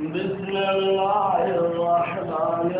بسم الله الرحمن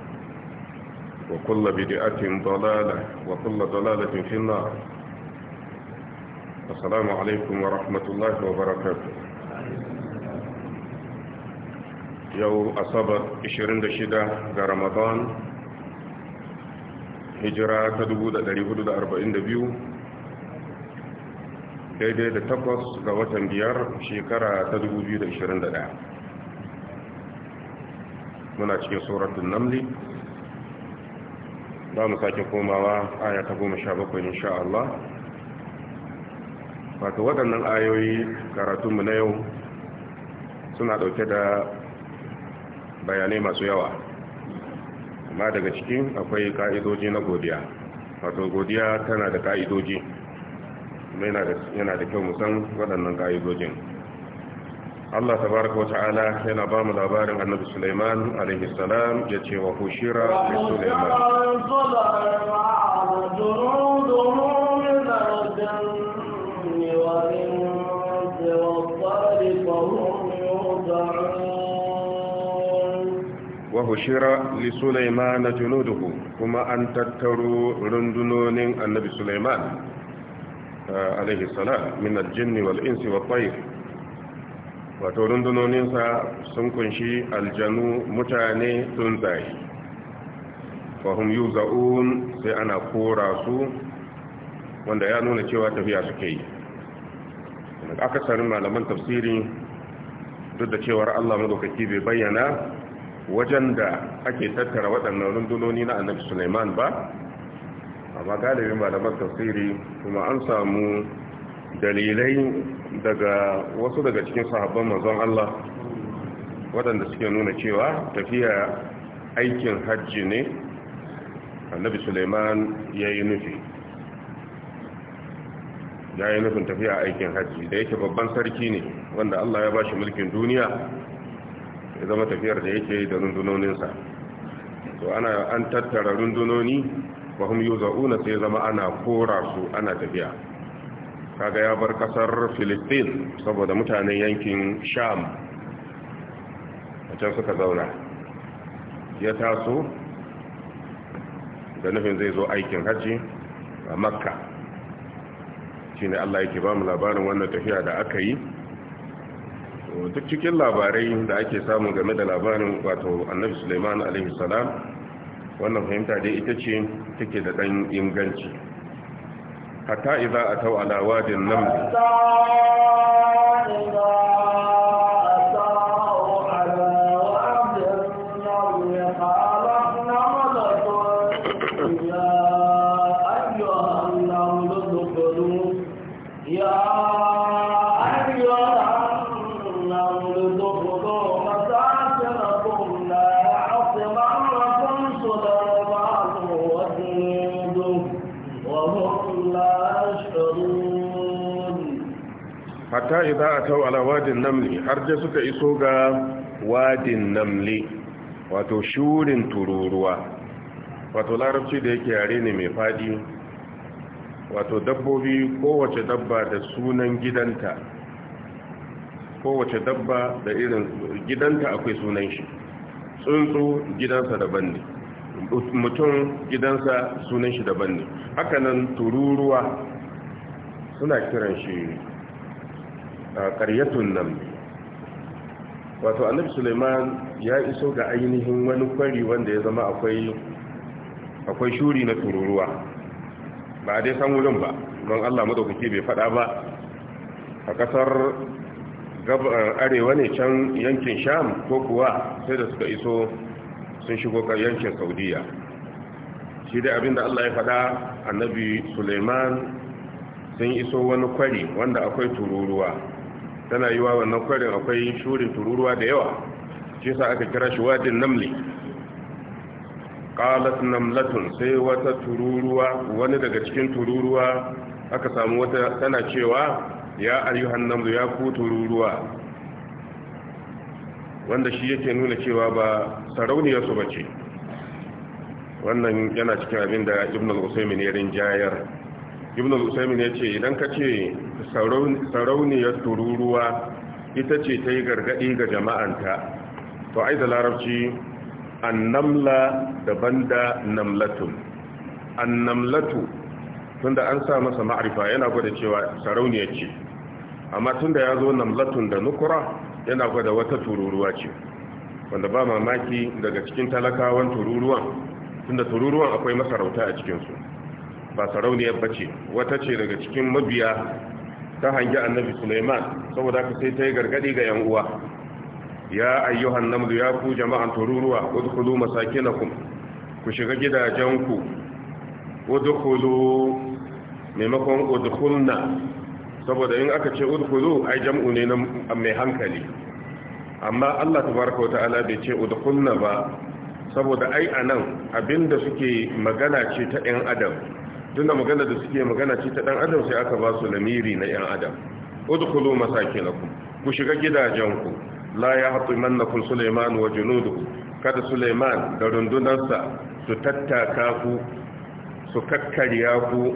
وكل بدعة ضلالة وكل ضلالة في النار السلام عليكم ورحمة الله وبركاته يوم أصبر 26 ga رمضان هجرة hijira ta 442 daidai da takwas ga watan biyar shekara ta 2021 muna cikin tsoron namli za mu sake komawa aya ta goma sha bakwai insha Allah wato waɗannan ayoyi karatunmu na yau suna ɗauke da bayanai masu yawa amma daga cikin akwai ka'idoji na godiya wato godiya tana da ka'idoji yana da kyau musan waɗannan ka'idojin Allah tabaraka wa ta'ala yana ba mu labarin Annabi Sulaiman alaihi salam ya ce wa hushira li Sulaiman wa hushira li Sulaiman junuduhu kuma an tattaro rundunonin Annabi Sulaiman alaihi salam min al-jinni wal insi wat tayr wato rundunoninsa sun kunshi aljanu mutane tsuntsaye fahim yi za'un sai ana kora su wanda ya nuna cewa tafiya suke yi akasarin malaman tafsiri duk da cewar allah madaukaki bai bayyana wajen da ake tattara waɗannan rundunoni na annabi suleiman ba amma galibin malaman tafsiri kuma an samu dalilai daga wasu daga cikin sahabban manzon Allah waɗanda suke nuna cewa tafiya aikin hajji ne annabi suleiman ya yi nufi ya yi nufin tafiya aikin hajji da yake babban sarki ne wanda Allah ya ba shi mulkin duniya ya zama tafiyar da yake da rundunoninsa to ana an tattara rundunoni ba hum za'una sai zama ana kora su ana tafiya kaga ya bar kasar filistin saboda mutanen yankin sham a can suka zauna ya taso da nufin zai zo aikin hajji a makka shi ne allah yake ba mu labarin wannan tafiya da aka yi duk cikin labarai da ake samu game da labarin wato annabi suleiman alaihi wannan fahimta dai ita ce take da ɗan inganci hatta idza ataw ala wadin naml ala wadin namli har da suka iso ga wadin namli wato shurin tururuwa wato larabci da yake yare ne mai fadi wato dabbobi kowace dabba da sunan gidanta kowace dabba da irin gidanta akwai sunan shi tsuntsu gidansa daban ne mutum gidansa sunan shi daban ne hakanan tururuwa suna kiran shi ƙaryatun nan wato annabi suleiman ya iso ga ainihin wani kwari wanda ya zama akwai shuri na tururuwa ba dai san wurin ba don allah madaukake bai faɗa ba a kasar eh, arewa ne can yankin sham ko kuwa sai da suka iso sun shigo yankin saudiya shi dai abinda allah ya faɗa, annabi suleiman sun iso wani kwari wanda akwai tururuwa tana yi wa wannan kwarin akwai shurin tururuwa da yawa shi sa aka kira shi wadin namli qalat namlatun sai wata tururuwa wani daga cikin tururuwa aka samu wata tana cewa ya ayyuhan namlu ya ku tururuwa wanda shi yake nuna cewa ba sarauniyar ba ce. wannan yana cikin abin da ibn al-usaymin ya rinjayar ibn al-usaimin ya ce idan ka ce sarauniyar tururuwa ita ce ta yi gargaɗi ga jama'anta to ai da larabci annamla daban da namlatun annamlatu tunda an sa masa ma'arifa yana gwada cewa sarauniyar ce amma tunda ya zo namlatun da nukura yana gwada wata tururuwa ce wanda ba mamaki daga cikin talakawan tururuwan tunda tururuwan akwai masarauta a cikinsu ba sarauniyar bace wata ce daga cikin mabiya ta hangi annabi Suleiman saboda ka sai ta yi gargadi ga yan uwa ya ayyuhan namdu ya ku jama'an tururuwa udkhulu masakinakum ku shiga gidajenku udkhulu maimakon udkhulna saboda in aka ce udkhulu ai jam'u ne na mai hankali amma Allah tabaraka wata'ala bai ce udkhulna ba saboda ai anan abinda suke magana ce ta 'yan adam tunda magana da suke magana ce ta dan adam sai aka ba su lamiri na yan adam udkhulu masakinakum ku shiga gidajenku la yahtimannakum sulaiman wa junuduhu kada sulaiman da rundunarsa su tattaka ku su kakkariya ku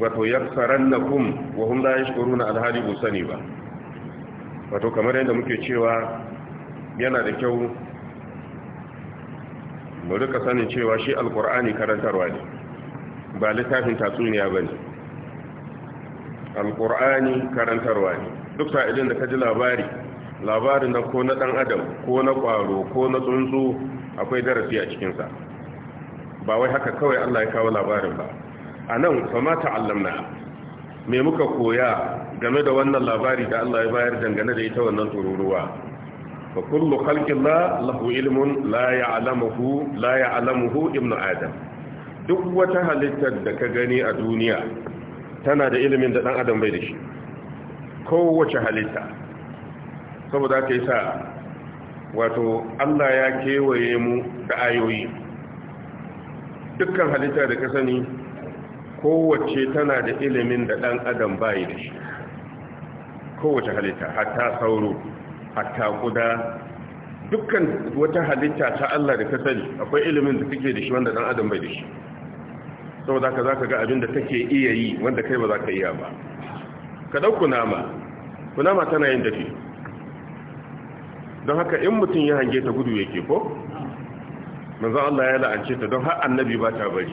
wato yaksarannakum wa hum la yashkuruna alhali busani ba wato kamar yadda muke cewa yana da kyau mu rika sanin cewa shi alkur'ani karantarwa ne ba littafin tatsuniya ba ne alƙur'ani karantarwa ne duk sa'ilin da ka ji labari labari na ko na ɗan adam ko na ƙwaro ko na tsuntsu akwai darasi a cikinsa ba wai haka kawai allah ya kawo labarin ba a nan fama na. me muka koya game da wannan labari da allah ya bayar dangane da ita wannan tururuwa Ba kullum halkin la علم لا la ya alamuhu adam duk wata halittar da ka gani a duniya tana da ilimin da dan adam bai da shi kowace halitta saboda ka yi wato Allah ya kewaye mu da ayoyi dukkan halitta da ka sani kowace tana da ilimin da dan adam bai da shi kowace halitta hatta sauro hatta kuda dukkan wata halitta ta Allah da ka sani akwai ilimin da take da shi wanda dan adam bai da shi saboda ka za ka ga abin da take iya yi wanda kai ba za ka iya ba ka ɗau kunama kunama tana yin dafi don haka in mutum ya hange ta gudu yake ko manzo Allah ya la'ance ta don har annabi ba ta bari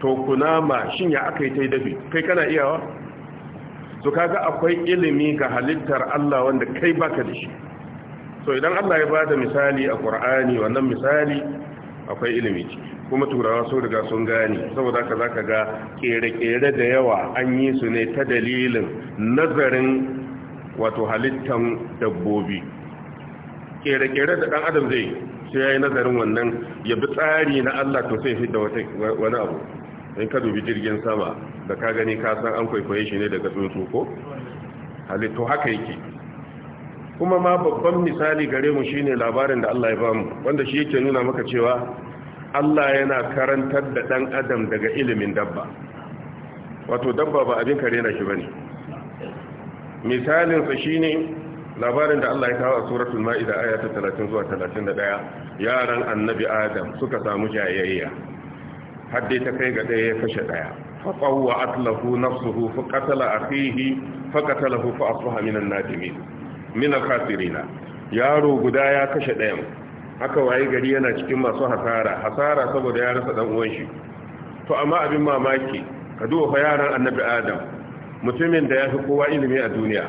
to kunama shin ya aka yi ta dafi kai kana iyawa to kaga akwai ilimi ga halittar Allah wanda kai baka da shi so idan Allah ya bada misali a Qur'ani wannan misali akwai ilimi ciki kuma turawa sun riga sun gane saboda za zaka ga kere-kere da yawa an yi su ne ta dalilin nazarin wato halittan dabbobi kere-kere da dan adam zai sai yi nazarin wannan ya bi tsari na Allah to sai fidda wata wani abu in ka dubi jirgin sama da ka gani ka san an kwaikwaye shi ne daga tsuntsu ko halittu haka yake kuma ma babban misali gare mu shine labarin da Allah ya mu, wanda shi yake nuna maka cewa Allah yana karantar da ɗan adam daga ilimin dabba wato dabba ba abin kare na shi ba ne misalinsa shi ne labarin da Allah ya kawo a suratul ma'ida aya ta 30 zuwa 31 yaran annabi adam suka samu jayayya hadde ta kai ga ɗaya ya kashe ɗaya wa atlahu nafsuhu fa qatala akhihi fa qatalahu fa asuha minan nadimin min al yaro guda ya kashe ɗayan haka waye gari yana cikin masu hasara hasara saboda ya rasa dan uwan shi to amma abin mamaki ka duba fa yaran annabi adam mutumin da ya fi kowa ilimi a duniya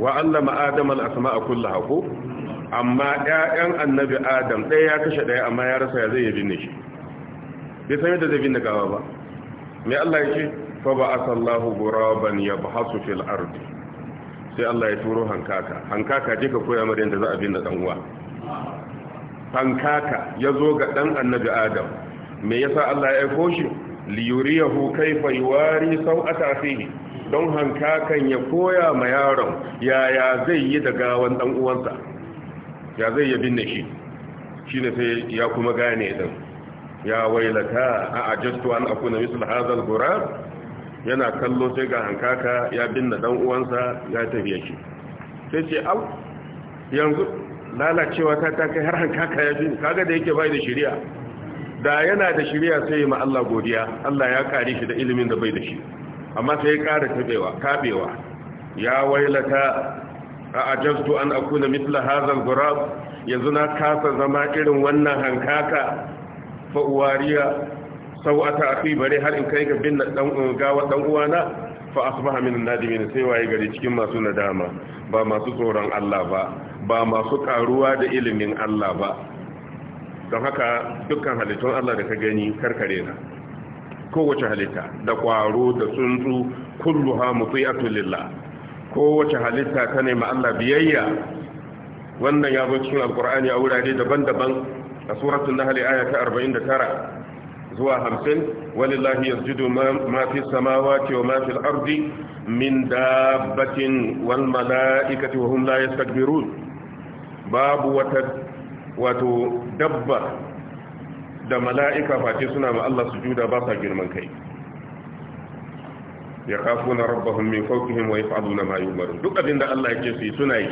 wa allama adam al-asma'a kullaha ko amma ƴaƴan annabi adam ɗaya ya kashe ɗaya amma ya rasa ya zai yabi ne shi bai san yadda zai binne gawa ba Me Allah ya ce fa ba asallahu guraban yabhasu fil ardi sai Allah ya turo hankaka hankaka je ka koya mar yadda za a binne dan uwa hankaka ya zo ga ɗan annabi adam me sa Allah ya aiko shi liyuriyahu kaifa yuwari sau'ata akhihi don hankakan ya koya ma yaron yaya zai yi da gawan dan uwansa ya zai ya binne shi shine sai ya kuma gane din ya wailata a ajastu an akuna misl hadha al yana kallo sai ga hankaka ya binne dan uwansa ya tafiye shi sai ce au yanzu lalacewa ta ta kai har hankaka ya fi kaga da yake bai da shari'a da yana da shari'a sai ya ma Allah godiya Allah ya kare shi da ilimin da bai da shi amma sai ya kara tabewa kabewa ya wailata a ajastu an akuna mithla hadha al-ghurab yanzu na kasa zama irin wannan hankaka fa uwariya sau'ata akhi bare har in kai ga bin dan gawa dan uwana fa asbaha min nadimin sai waye gari cikin masu nadama ba masu tsoron Allah ba ba masu karuwa da ilimin Allah ba don haka dukkan halittun Allah da ka gani karkare na kowace halitta da kwaro da tsuntsu kulluha muti'atu lillah kowace halitta ta nema Allah biyayya wannan ya zo cikin alqur'ani a wurare daban-daban a suratul nahl aya ta 49 zuwa hamsin walillahi yasjudu ma fi samawati wa ma fil ardi min dabbatin wal mala'ikati wa hum la yastakbirun babu wata wato dabba da mala'ika face suna ma Allah su sujuda ba sa girman kai ya kafu na rabbahun min fawqihim wa na mayu yu'marun duk abin da Allah yake su suna yi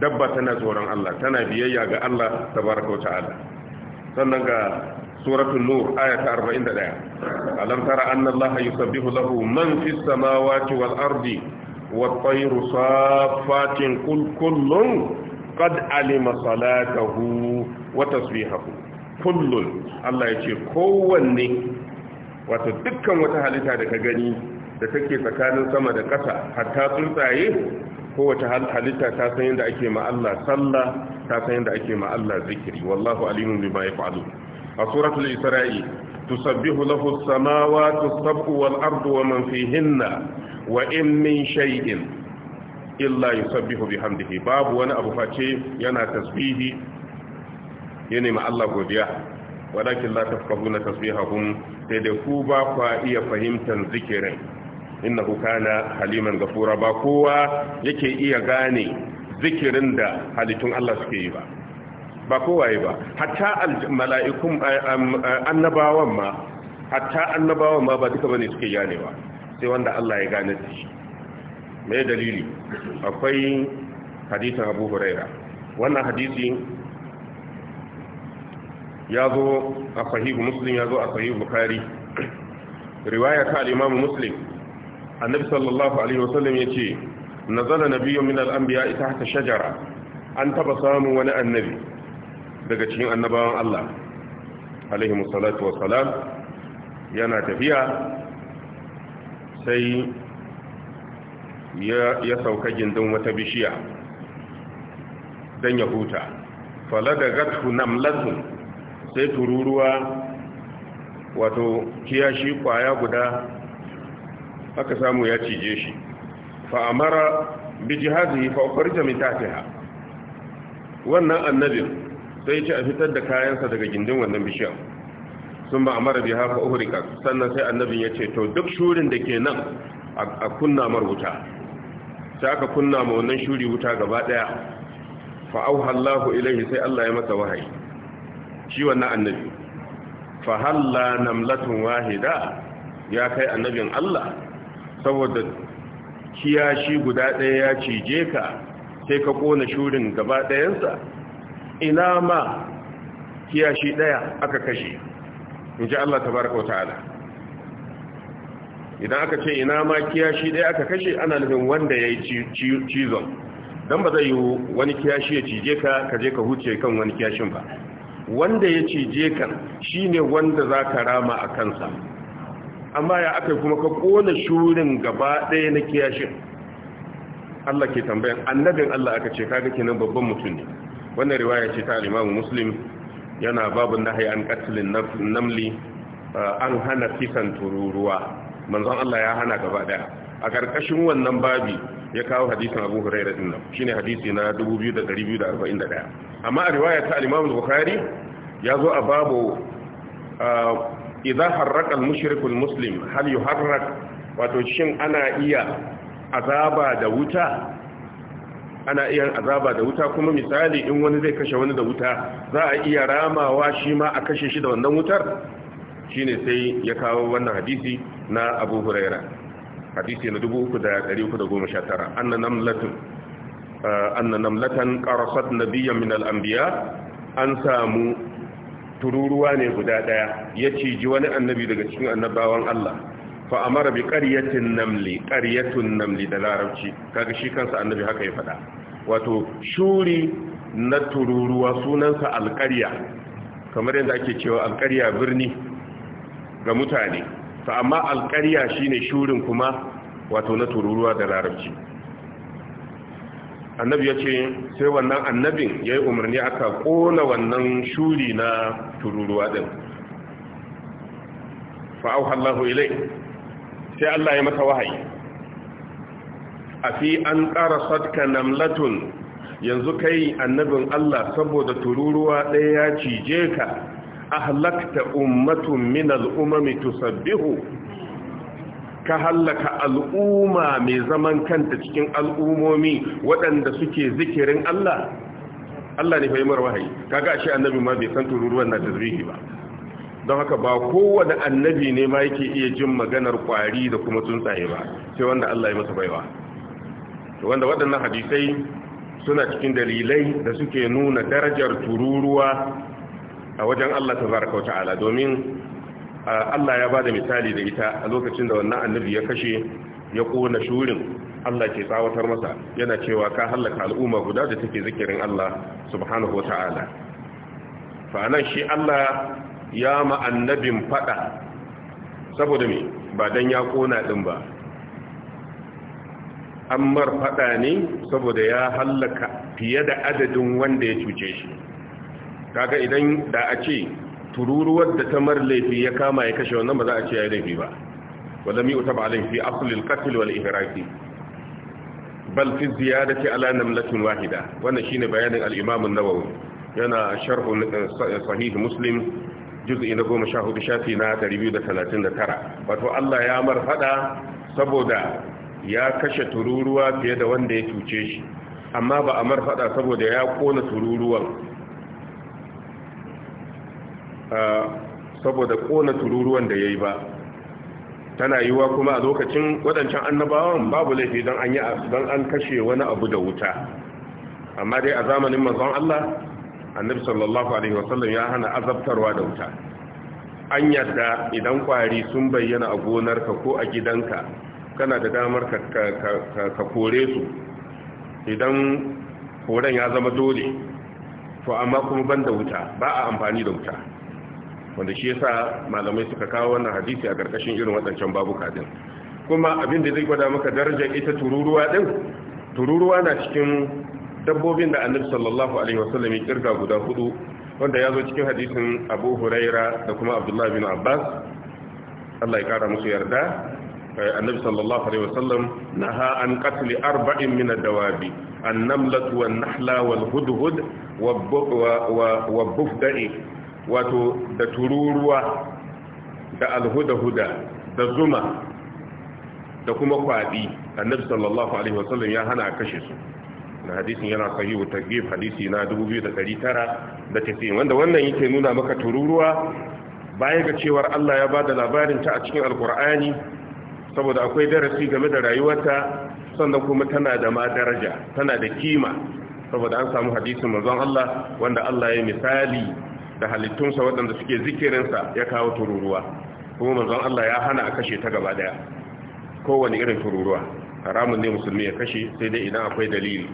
dabba tana tsoron Allah tana biyayya ga Allah ta wa ta'ala sannan ga suratul nur ayat 41 alam tara anna allaha yusabbihu lahu man fis samawati wal ardi wat tayru safatin kull kullun qad alima salatahu wa tasbihahu kullun Allah yace kowanne wato dukkan wata halitta da ka gani da take tsakanin sama da ƙasa hatta tsuntsaye kowace halitta ta san yadda ake ma sallah ta san yadda ake ma zikiri wallahu alimun bima yaf'alu a suratul isra'i tusabbihu lahu as-samawati as-sab'u wal ardu wa man fihinna wa in min shay'in illa yusabbihu bihamdihi babu wani abu face yana tasbihi yana ma Allah godiya walakin la tafqahuna tasbihahum sai da ku ba kwa iya fahimtar zikirin innahu kana haliman gafura ba kowa yake iya gane zikirin da halittun Allah suke yi ba ba kowaye ba hatta mala'ikun annabawan ma hatta annabawan ma ba duka bane suke ganewa sai wanda Allah ya gane shi me dalili akwai hadisin Abu Huraira wannan hadisi ya zo a sahihu muslim ya zo a sahihu bukari riwaya ta al-imamu muslim annabi sallallahu alaihi wasallam ya ce na na nabiyyun min al-anbiya ita haka shajara an taba samun wani annabi daga cikin annabawan Allah alaihi musallatu wassalam yana tafiya sai ya sauka gindin wata bishiya don ya huta fala da gatu namlatun sai tururuwa wato kiyashi kwaya guda aka samu ya cije shi fa amara bi jihazihi fa ukhrija min tahtiha wannan annabin sai ci a fitar da kayansa daga gindin wannan bishiyar sun ba amara bi hafa uhurika sannan sai annabin ya ce to duk shurin da ke nan a kunna mar wuta sai aka kunna ma wannan shuri wuta gaba daya fa auha Allahu ilaihi sai Allah ya masa wahayi shi wannan annabi fa halla namlatun wahida ya kai annabin Allah saboda kiyashi guda ɗaya ya cije ka sai ka ƙona shurin gaba ɗayansa ina ma kiyashi ɗaya aka kashe in ji Allah ta baraka wata'ala idan aka ce ina ma kiyashi ɗaya aka kashe ana nufin wanda ya yi cizon don ba zai yi wani kiyashi ya cije ka ka je ka huce kan wani kiyashin ba wanda ya cije kan shine wanda za ka rama a kansa amma ya aka kuma ka kona shurin gaba ɗaya na kiyashin Allah ke tambayan annabin Allah aka ce kaga kenan babban mutum ne wannan riwaya ce ta al Muslim yana babu nahyi an qatlin namli uh, an hana kisan tururuwa manzon Allah ya hana gaba ɗaya a karkashin wannan babi ya kawo hadisin Abu Hurairah din nan shine hadisi na 2241 amma a riwaya ta al-Imam ya zo a babu uh, idan harraka mushrikul muslim hal yuharrak wato shin ana iya azaba da wuta ana iya azaba da wuta kuma misali in wani zai kashe wani da wuta za a iya ramawa shi ma a kashe shi da wannan wutar shine sai ya kawo wannan hadisi na Abu Huraira hadisi na 3319 anna namlatun anna namlatan qarasat nabiyyan min al-anbiya an samu tururuwa ne guda daya ya ciji wani annabi daga cikin annabawan Allah fa amara bi qaryatin namli qaryatun namli da larabci kaga shi kansa annabi haka ya fada wato shuri na tururuwa sunansa alqarya kamar yadda ake cewa alqarya birni ga mutane fa amma alqarya shine shurin kuma wato na tururuwa da larabci annabi ya ce sai wannan annabin ya yi umarni aka kona wannan shuri na tururuwa ɗin fa'auha Allahu ilai sai Allah ya masa wahayi a fi an ƙara sadka namlatun yanzu kai annabin Allah saboda tururuwa ɗaya ya cije ka ahlakta ummatun min al'umami tusabbihu ka hallaka al'umma mai zaman kanta cikin al'umomi waɗanda suke zikirin Allah Allah ne fahimar wahayi kaga ashe annabi ma bai san tururuwan na tazrihi ba don haka ba kowane annabi ne ma yake iya jin maganar kwari da kuma tsuntsaye ba sai wanda Allah ya masa baiwa wanda waɗannan hadisai suna cikin dalilai da suke nuna darajar tururuwa a wajen Allah tabaraka wa ta'ala domin Allah ya bada misali da ita a lokacin da wannan annabi ya kashe ya kona shurin Allah ke tsawatar masa yana cewa ka halaka al'umma guda da take zikirin Allah subhanahu wata'ala fa shi Allah ya ma annabin fada saboda me ba dan ya kona ɗin ba ammar fada ne saboda ya hallaka fiye da adadin wanda ya cuce shi kaga idan da a ce tururuwar da ta mar laifi ya kama ya kashe wannan ba za a ce ya laifi ba wanda mi utaba alaihi fi aslil qatl wal ihraqi bal fi ziyadati ala namlatin wahida wannan shine bayanin al-imam an-nawawi yana sharh eh, sahih muslim juz'i na 14 shafi na 239 wato Allah ya mar fada saboda ya kashe tururuwa fiye da wanda ya cuce shi amma ba a mar fada saboda ya kona tururuwan saboda kona tururuwan da ya yi ba tana yiwuwa kuma a lokacin waɗancan annabawan babu laifi don an yi don an kashe wani abu da wuta amma dai a zamanin manzon Allah annabi sallallahu alaihi wasallam ya hana azabtarwa da wuta an yadda idan kwari sun bayyana a gonarka ko a gidanka kana da damar ka kore su idan koren ya zama dole to amma kuma ban da wuta ba a amfani da wuta wanda shi yasa malamai suka kawo wannan hadisi a karkashin irin waɗancan babuka din kuma abin da zai gwada maka darajar ita tururuwa din tururuwa na cikin dabbobin da annabi sallallahu alaihi wasallam ya kirga guda hudu wanda ya zo cikin hadisin abu huraira da kuma abdullahi bin abbas allah ya kara musu yarda eh, annabi sallallahu alaihi wasallam naha an qatli arba'in min ad-dawabi an-namlatu wan-nahla wal-hudhud wa wa wa wato da tururuwa da alhuda-huda da zuma da kuma kwaɗi annabi sallallahu alaihi wasallam ya hana a kashe su na hadisin yana sahihu targhib hadisi na 2990 wanda wannan yake nuna maka tururuwa baya ga cewar Allah ya bada labarin ta a cikin alkur'ani saboda akwai darasi game da rayuwarta sannan kuma tana da ma daraja tana da kima saboda an samu hadisin manzon Allah wanda Allah ya misali da halittunsa waɗanda suke zikirinsa ya kawo tururuwa kuma manzon Allah ya hana a kashe ta gaba daya kowane irin tururuwa haramun ne musulmi ya kashe sai dai idan akwai dalili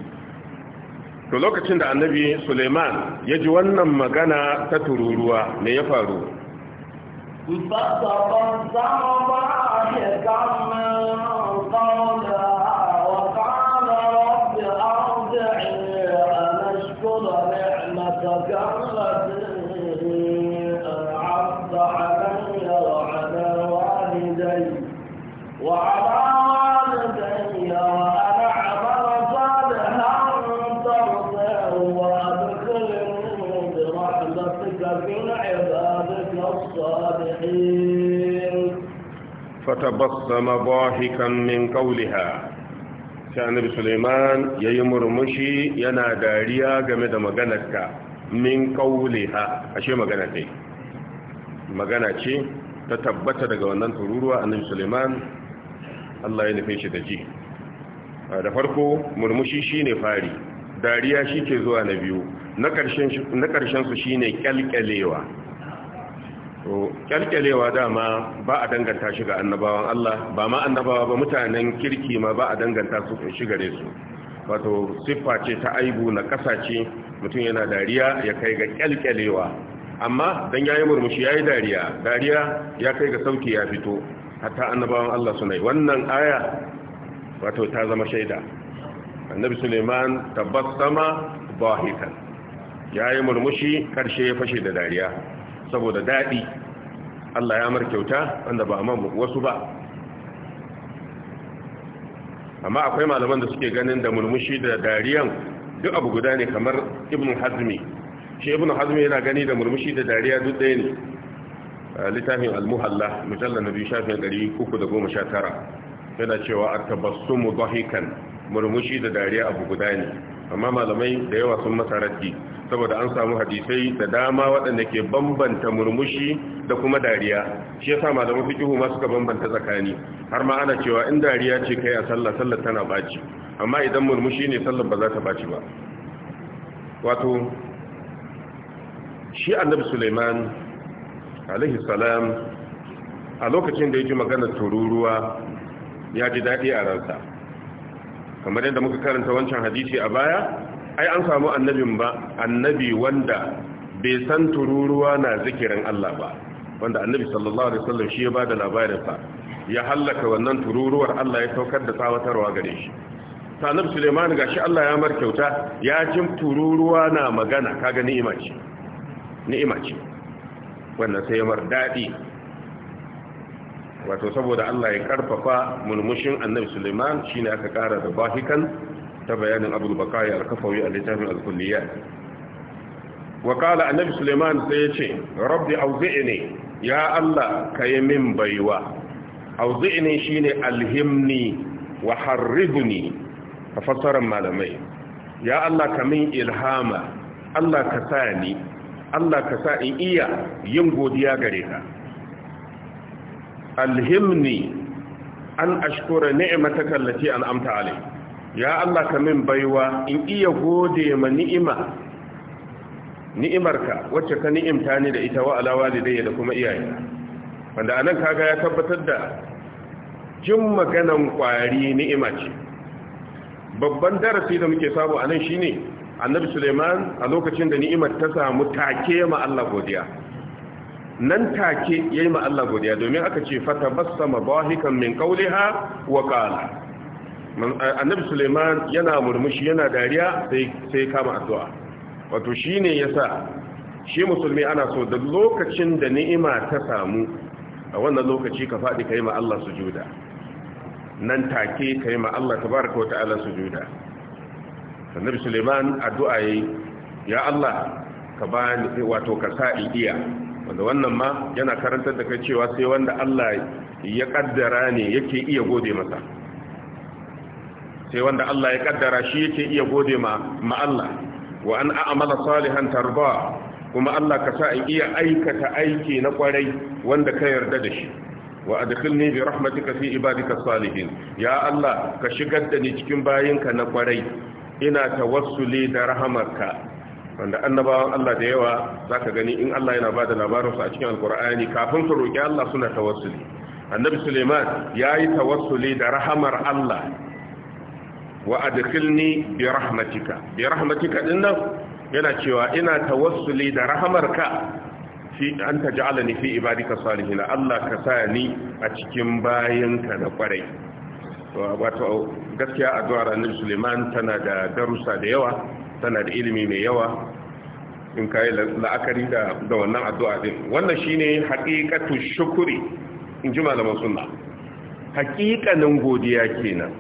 to lokacin da annabi Suleiman ya ji wannan magana ta tururuwa ne ya faru فَتَقَدَّمَ بَعْدَ تبصم ضاحكا min قولها كان annabi سليمان yayi murmushi yana dariya game da maganarka min qawliha ashe magana ce magana ce ta tabbata daga wannan tururuwa annabi Sulaiman Allah ya nufe shi da ji da farko murmushi shine fari dariya shi zuwa na biyu na ƙarshen su shine kyalkyalewa to kyalkyalewa dama ba a danganta shi ga annabawan Allah ba ma annabawa ba mutanen kirki ma ba a danganta su shi gare su wato siffa ce ta aibu na kasace mutum yana dariya ya kai ga kyalkyalewa amma dan yayi murmushi yayi dariya dariya ya kai ga sauki ya fito hatta annabawan Allah suna yi wannan aya wato ta zama shaida annabi Suleiman tabassama bahikan yayi murmushi karshe ya fashe da dariya saboda daɗi Allah ya mar kyauta wanda ba amma wasu ba amma akwai malaman da suke ganin da murmushi da dariyan duk abu guda ne kamar ibn hazmi shi ibn hazmi yana gani da murmushi da dariya duk ɗaya ne littafin al-muhalla mujallar na biyu shafin 319 yana cewa a tabassumu dahikan murmushi da dariya abu guda ne amma malamai da yawa sun masa raddi saboda an samu hadisai da dama waɗanda ke bambanta murmushi da kuma dariya shi yasa malamai kihu ma suka bambanta tsakani har ma ana cewa in dariya ce kai a sallah sallar tana baci amma idan murmushi ne sallar ba za ta baci ba wato shi annabi suleiman alaihi salam a lokacin da yake maganar tururuwa ya ji daɗi a ransa kamar yadda muka karanta wancan hadisi a baya ai an samu annabin ba annabi wanda bai san tururuwa na zikirin Allah ba wanda annabi sallallahu alaihi wasallam shi ya bada labarin sa ya hallaka wannan tururuwar Allah ya saukar da tsawatarwa gare shi ta Suleiman ga gashi Allah ya mar kyauta ya jin tururuwa na magana kaga ni'ima ce ni'ima ce wannan sai ya mar dadi wato saboda Allah ya karfafa mulmushin annabi Suleiman ne aka kara da bahikan ta bayanin Abu Bakari al-Kafawi a littafin al-Kulliyat wa annabi Suleiman sai ya ce rabbi auzi'ni ya Allah yi min baiwa auzi'ni shine alhimni wa harridni tafassaran malamai ya Allah ka min ilhama Allah ka sa ni Allah ka sa in iya yin godiya gare ka alhimni an ashkura ni'mataka allati an'amta alayhi ya Allah ka min baiwa in iya gode ma ni'ima ni'imarka wacce ka ni'imta ni da ita wa ala walidayya da kuma iyayena wanda anan kaga ya tabbatar da jin maganan kwari ni'ima ce babban darasi da muke samu anan shine annabi Suleiman a lokacin da ni'imar ta samu take ma Allah godiya nan take yayi ma Allah godiya domin aka ce fatabassama dahikan min qawliha wa qala annabi Suleiman yana murmushi yana dariya sai kama addu'a wato shine yasa shi musulmi ana so da lokacin da ni'ima ta samu a wannan lokaci ka faɗi kai ma Allah juda. nan take kai ma Allah tabaraka wa su juda. annabi Suleiman addu'a ya Allah ka bani wato ka sa wanda wannan ma yana karantar da kai cewa sai wanda Allah ya kaddara ne yake iya gode masa sai wanda Allah ya kaddara shi yake iya gode ma ma Allah wa an a'mala salihan tarba kuma Allah ka sa in iya aikata aiki na kwarai wanda ka yarda da shi wa adkhilni bi rahmatika fi ibadika salihin ya Allah ka shigar da ni cikin bayinka na kwarai ina tawassuli da rahamarka wanda annabawan Allah da yawa zaka gani in Allah yana bada labarin su a cikin alkur'ani kafin su roki Allah suna tawassuli annabi Suleiman yayi tawassuli da rahamar Allah wa adkhilni bi rahmatika bi rahmatika dinnan yana cewa ina tawassuli da rahamarka fi an taj'alani fi ibadika salihin Allah ka sa ni a cikin bayanka na kwarai wato gaskiya addu'ar annabi Suleiman tana da darussa da yawa tana da ilimi mai yawa in kayi la'akari da wannan addu'a din wannan shine haqiqatu shukuri in ji malaman sunna haqiqanin godiya kenan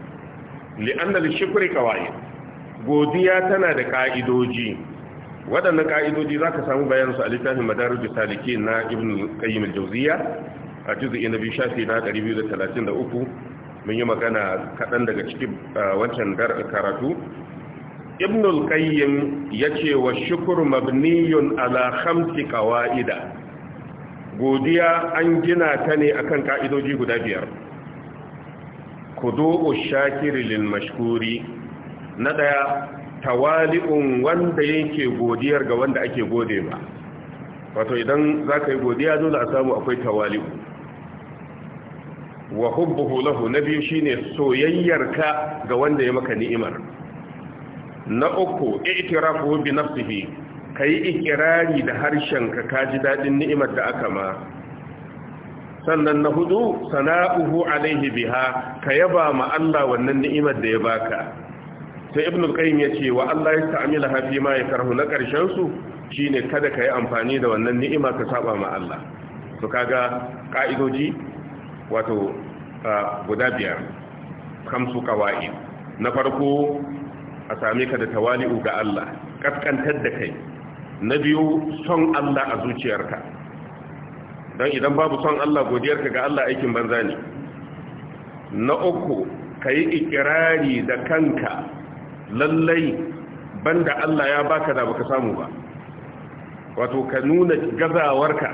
li'anna lishukri qawaid godiya tana da ka'idoji waɗannan ka'idoji zaka samu bayan su a littafin madarijus salikin na ibn qayyim al-jawziya a juz'i na biyu na 233 mun yi magana kaɗan daga cikin wancan karatu ibn al-qayyim yace wa shukur mabniyun ala khamsi qawaida godiya an gina ta ne akan ka'idoji guda biyar kudu'u shakiri lil mashkuri na daya tawali'un wanda yake godiyar ga wanda ake gode ba wato idan zaka yi godiya dole a samu akwai tawali'u wa hubbuhu lahu nabi shine soyayyarka ga wanda ya maka ni'imar na uku i'tirafu bi nafsihi kai ikirari da harshenka ka ji dadin ni'imar da aka ma sannan na hudu sana'uhu alaihi biha ka yaba ma Allah wannan ni'imar da ya baka sai ibn al-qayyim yace wa Allah ya ta'amila ha fi ma karhu na karshen su shine kada ka yi amfani da wannan ni'ima ka saba ma Allah to kaga ka'idoji wato guda biyar kamsu qawaid na farko a same ka da tawali'u ga Allah ƙasƙantar da kai na biyu son Allah a zuciyarka don idan babu son Allah godiyarka ga Allah aikin banza ne na uku ka yi ikirari da kanka lallai banda Allah ya baka da baka samu ba wato ka nuna gazawarka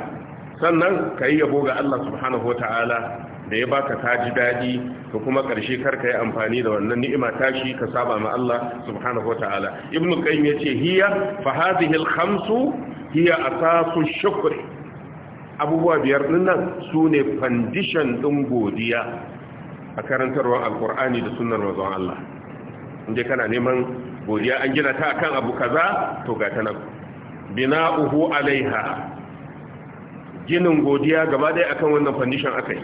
sannan ka yi yabo ga Allah subhanahu wa ta'ala da ya baka ka ji daɗi ka kuma ƙarshe kar ka yi amfani da wannan ni'ima tashi ka saba ma Allah subhanahu wa ta'ala ibn qayyim yace hiya fa hadhihi al khamsu hiya asasu shukr abubuwa biyar din nan sune fandishan din godiya a karantarwar alqur'ani da sunnar manzon Allah inda kana neman godiya an gina ta akan abu kaza to ga ta bina'uhu alaiha ginin godiya gaba ɗaya akan wannan foundation akai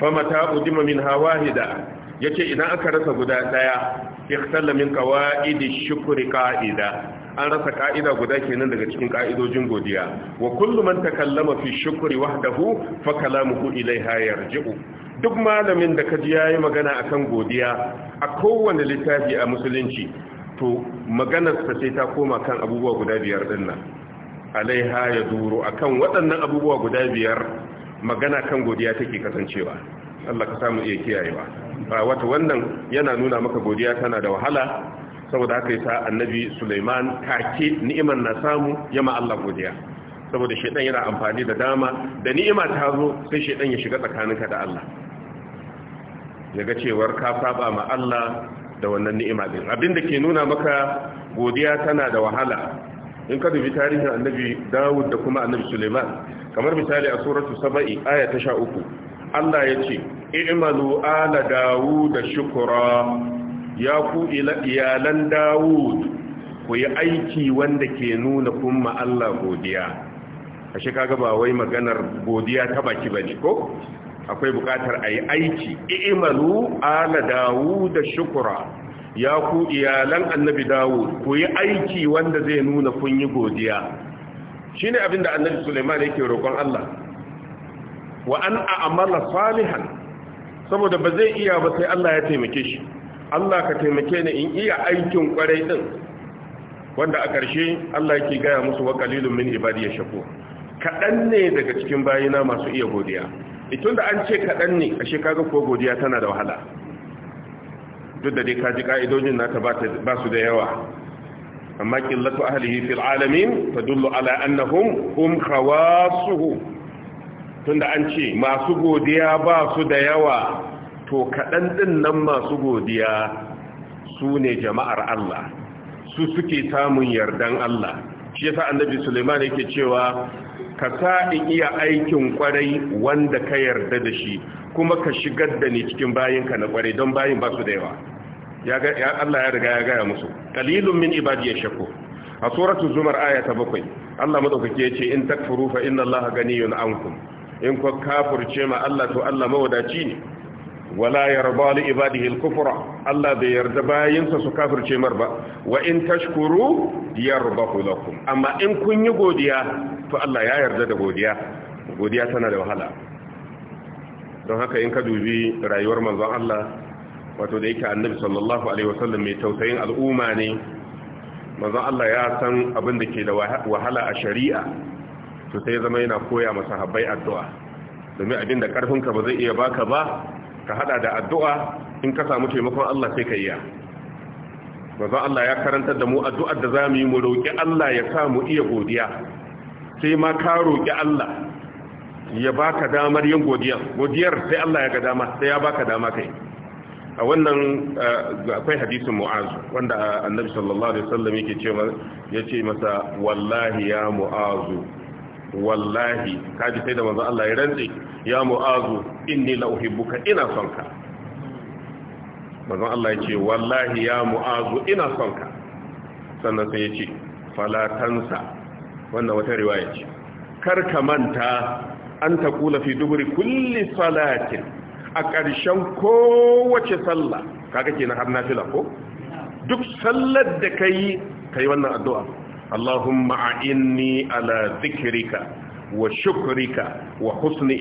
famata udima min hawahida yace idan aka rasa guda daya ikhtalla min qawaidi shukri qa'ida an rasa ka'ida guda kenan daga cikin ka'idojin godiya wa kullu man takallama fi shukri wahdahu fa kalamuhu ilaiha yarji'u duk malamin da kaji yayi magana akan godiya a kowane littafi a musulunci to maganar sa sai ta koma kan abubuwa guda biyar dinnan. nan alaiha yaduru akan waɗannan abubuwa guda biyar magana kan godiya take kasancewa Allah ka samu iya kiyayewa wata wannan yana nuna maka godiya tana da wahala saboda haka yasa annabi Sulaiman kake, ni'imar na samu yama Allah godiya saboda shedan yana amfani da dama da ni'ima ta zo sai shedan ya shiga tsakaninka da Allah yaga cewar ka saba ma Allah da wannan ni'ima din abinda ke nuna maka godiya tana da wahala in ka dubi tarihin annabi Dawud da kuma annabi Sulaiman kamar misali a suratu saba'i aya ta sha uku Allah ya ce i'malu ala dawud shukra ya ku iyalan dawud ku yi aiki wanda ke nuna kuma Allah godiya shi kaga ba wai maganar godiya ta baki ba ne ko akwai bukatar yi aiki i'malu ala dawud shukra ya ku iyalan annabi dawud ku yi aiki wanda zai nuna kun yi godiya Shi ne abin da annabi Suleiman yake roƙon Allah wa an a'mala salihan saboda ba zai iya ba sai Allah ya taimake shi Allah ka taimake ni in iya aikin kwarai din wanda a ƙarshe Allah yake gaya musu wa qalilun min ibadiy shakur kadan ne daga cikin bayina masu iya godiya itun e, da an ce kadan ne ashe kaga ko godiya tana da wahala duk da dai ka ji ka'idojin nata ba su da yawa amma qillatu ahlihi fil alamin tadullu ala annahum hum khawasuhu tunda an ce masu godiya ba su da yawa to kaɗan ɗin nan masu godiya su ne jama'ar Allah su suke samun yardan Allah shi yasa annabi Suleiman yake cewa ka sa in iya aikin kwarai wanda ka yarda da shi kuma ka shigar da ni cikin bayinka na kwarai don bayin ba su da yawa ya Allah ya riga ya gaya musu qalilun min ibadi ya yashku a suratu zumar aya ta bakwai. Allah madaukake yace in takfuru fa inna Allaha ganiyun ankum in ku kafirce ma Allah to Allah mawadaci ne wala yarda li ibadihi al-kufra Allah bai yarda sa su kafirce mar ba wa in tashkuru yarbahu lakum amma in kun yi godiya to Allah ya yarda da godiya godiya tana da wahala don haka in ka dubi rayuwar manzon Allah wato da yake annabi sallallahu alaihi wasallam mai tausayin al'umma ne manzon Allah ya san abin da ke da wahala a shari'a to sai zama yana koya masa habbai addu'a domin abin da karfinka ba zai iya baka ba ka hada da addu'a in ka samu taimakon Allah sai ka yi manzon Allah ya karantar da mu addu'ar da zamu yi mu roki Allah ya sa mu iya godiya sai ma ka roki Allah ya baka damar yin godiyar godiyar sai Allah ya ga dama sai ya baka dama kai a wannan akwai hadisin mu'azu wanda annabi sallallahu alaihi wasallam yake ce ya ce masa wallahi ya mu'azu wallahi kaji sai da manzo Allah ya rantsi ya mu'azu inni la uhibbuka ina son ka manzo Allah ya ce wallahi ya mu'azu ina son ka sannan sai ya ce fala tansa wannan wata riwaya ce kar ka manta an taqula fi duburi kulli salatin a ƙarshen kowace sallah kaga kenan har na ko duk sallar da kai yi wannan addu'a Allahumma inni ala zikirika wa shukrika wa husni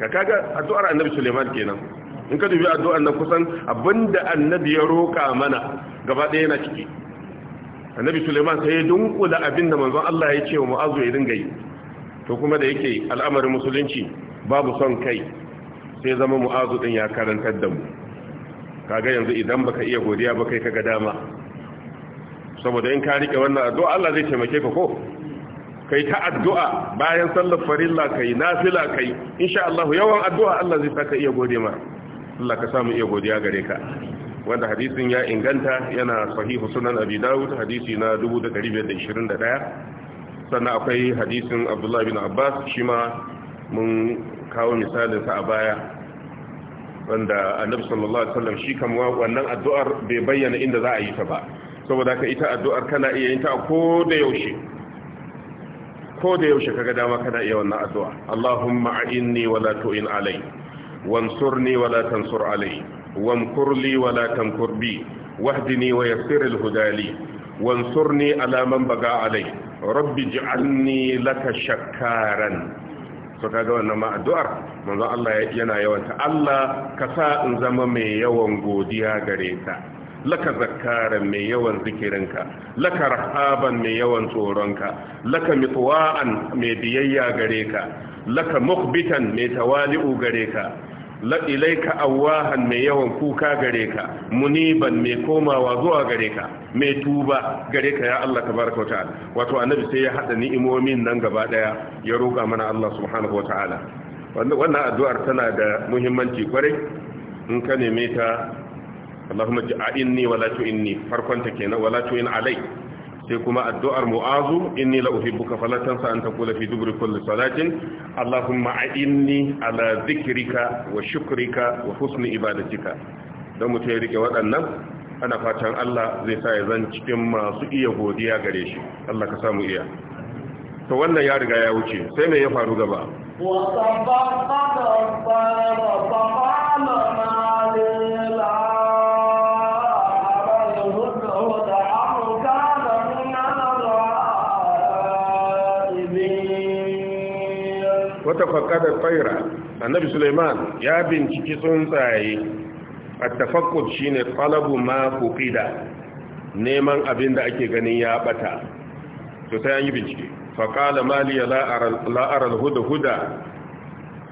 Ka kaga addu'ar annabi Suleiman kenan in ka dubi addu'ar nan kusan abinda annabi ya roka mana gaba ɗaya na ciki annabi Suleiman sai ya dunkula abinda manzon Allah ya ce wa Mu'azu ya dinga yi to kuma da yake al'amarin musulunci babu son kai sai zama mu'azu din ya karantar da mu kaga yanzu idan baka iya godiya ba kai kaga dama saboda in ka rike wannan addu'a Allah zai taimake ka ko kai ta addu'a bayan sallar farilla kai nafila kai insha Allah yawan addu'a Allah zai saka iya gode ma Allah ka samu iya godiya gare ka wanda hadisin ya inganta yana sahihu sunan abi dawud hadisi na 1521 sannan akwai hadisin abdullahi bin abbas shi ma mun kawo misalinsa a baya wanda annabi sallallahu alaihi wasallam shi kam wannan addu'ar bai bayyana inda za a yi ta ba saboda ka ita addu'ar kana iya yin ta ko yaushe ko yaushe kaga dama kana iya wannan addu'a Allahumma a'inni wala tu'in alai wansurni wala tansur alai wamkurli wala tamkur bi wahdini wa yassir al-hudali wansurni ala man baga alai rabbi ij'alni laka shakkaran to ga wannan ma addu'ar manzo Allah yana yawan ta Allah ka sa in zama mai yawan godiya gare ka laka zakkara mai yawan zikirinka laka rahaban mai yawan tsoronka laka mitwa'an mai biyayya gare ka laka mukhbitan mai tawali'u gare ka la awahan awahan mai yawan kuka gare ka muniban mai komawa zuwa gare ka mai tuba gare ka ya Allah tabaraka ta'ala wato annabi sai ya hada ni'imomin nan gaba daya ya roka mana Allah subhanahu ta'ala. wannan addu'ar tana da muhimmanci kwarai in ka neme ta Allahumma ja'inni wala tu'inni farkon ta kenan wala tu'in alai sai kuma addu'ar mu'azu inni la uhibbuka falatan sa an taqula fi dubri kulli salatin allahumma a'inni ala zikirika wa shukrika wa husni ibadatika dan mutum ya rike waɗannan ana fatan Allah zai sa ya zan cikin masu iya godiya gare shi Allah ka samu iya Ta wannan ya riga ya wuce sai me ya faru gaba ba sabba qadara fa qala ma lil faqada tsaira annabi suleiman ya binciki tsuntsaye at-tafaqqud shine talabu ma fuqida neman abin da ake ganin ya bata to sai an yi bincike faqala mali la ara la ara al-huda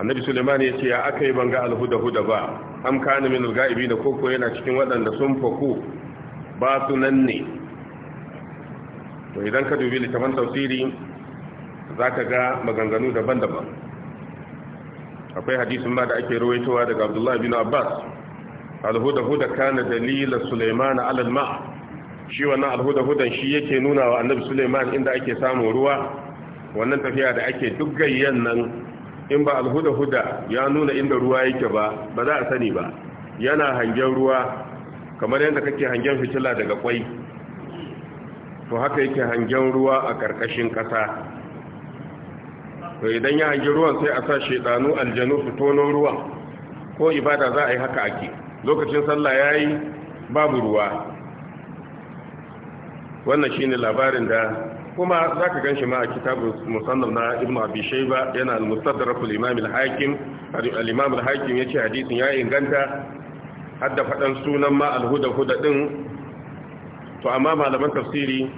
annabi suleiman ya ce ya akai banga al-huda huda ba am kana min al da koko yana cikin waɗanda sun faku ba su nan ne to idan ka dubi littafin tafsiri za ka ga maganganu daban-daban akwai hadisin ma da ake ruwaitowa daga abdullah bin abbas alhuda-huda kana dalila suleiman Alalma? ma shi wannan alhuda-hudan shi yake nuna wa annabi suleiman inda ake samun ruwa wannan tafiya da ake duk gayyan nan in ba alhuda-huda ya nuna inda ruwa yake ba ba za a sani ba yana hangen ruwa kamar yadda kake hangen fitila daga kwai to haka yake hangen ruwa a ƙarƙashin ƙasa to idan ya hangi ruwan sai a sa shaidanu aljanu su tono ruwan ko ibada za a yi haka ake lokacin sallah ya yi babu ruwa wannan ne labarin da kuma za ka gan shi ma a kitabun musamman na ibn abishai ba yana al-mustadrakul imam haikin hakim al-imam hadisin ya inganta hadda faɗan sunan ma al-huda to amma malaman tafsiri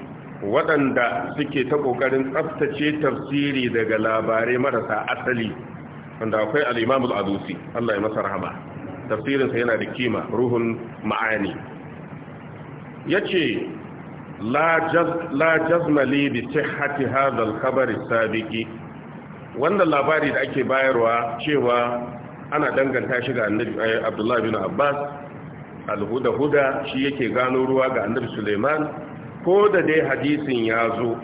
waɗanda suke ta ƙoƙarin tsaftace tafsiri daga labarai marasa asali wanda akwai al'imamul adusi Allah ya masa rahama tafsirinsa yana da kima ruhun ma'ani ya ce la jazmali bi sihhati hadha al-khabari sabiqi wannan labari da ake bayarwa cewa ana danganta shi ga annabi eh, bin Abbas al-huda huda shi yake gano ruwa ga annabi Suleiman. ko da dai hadisin ya zo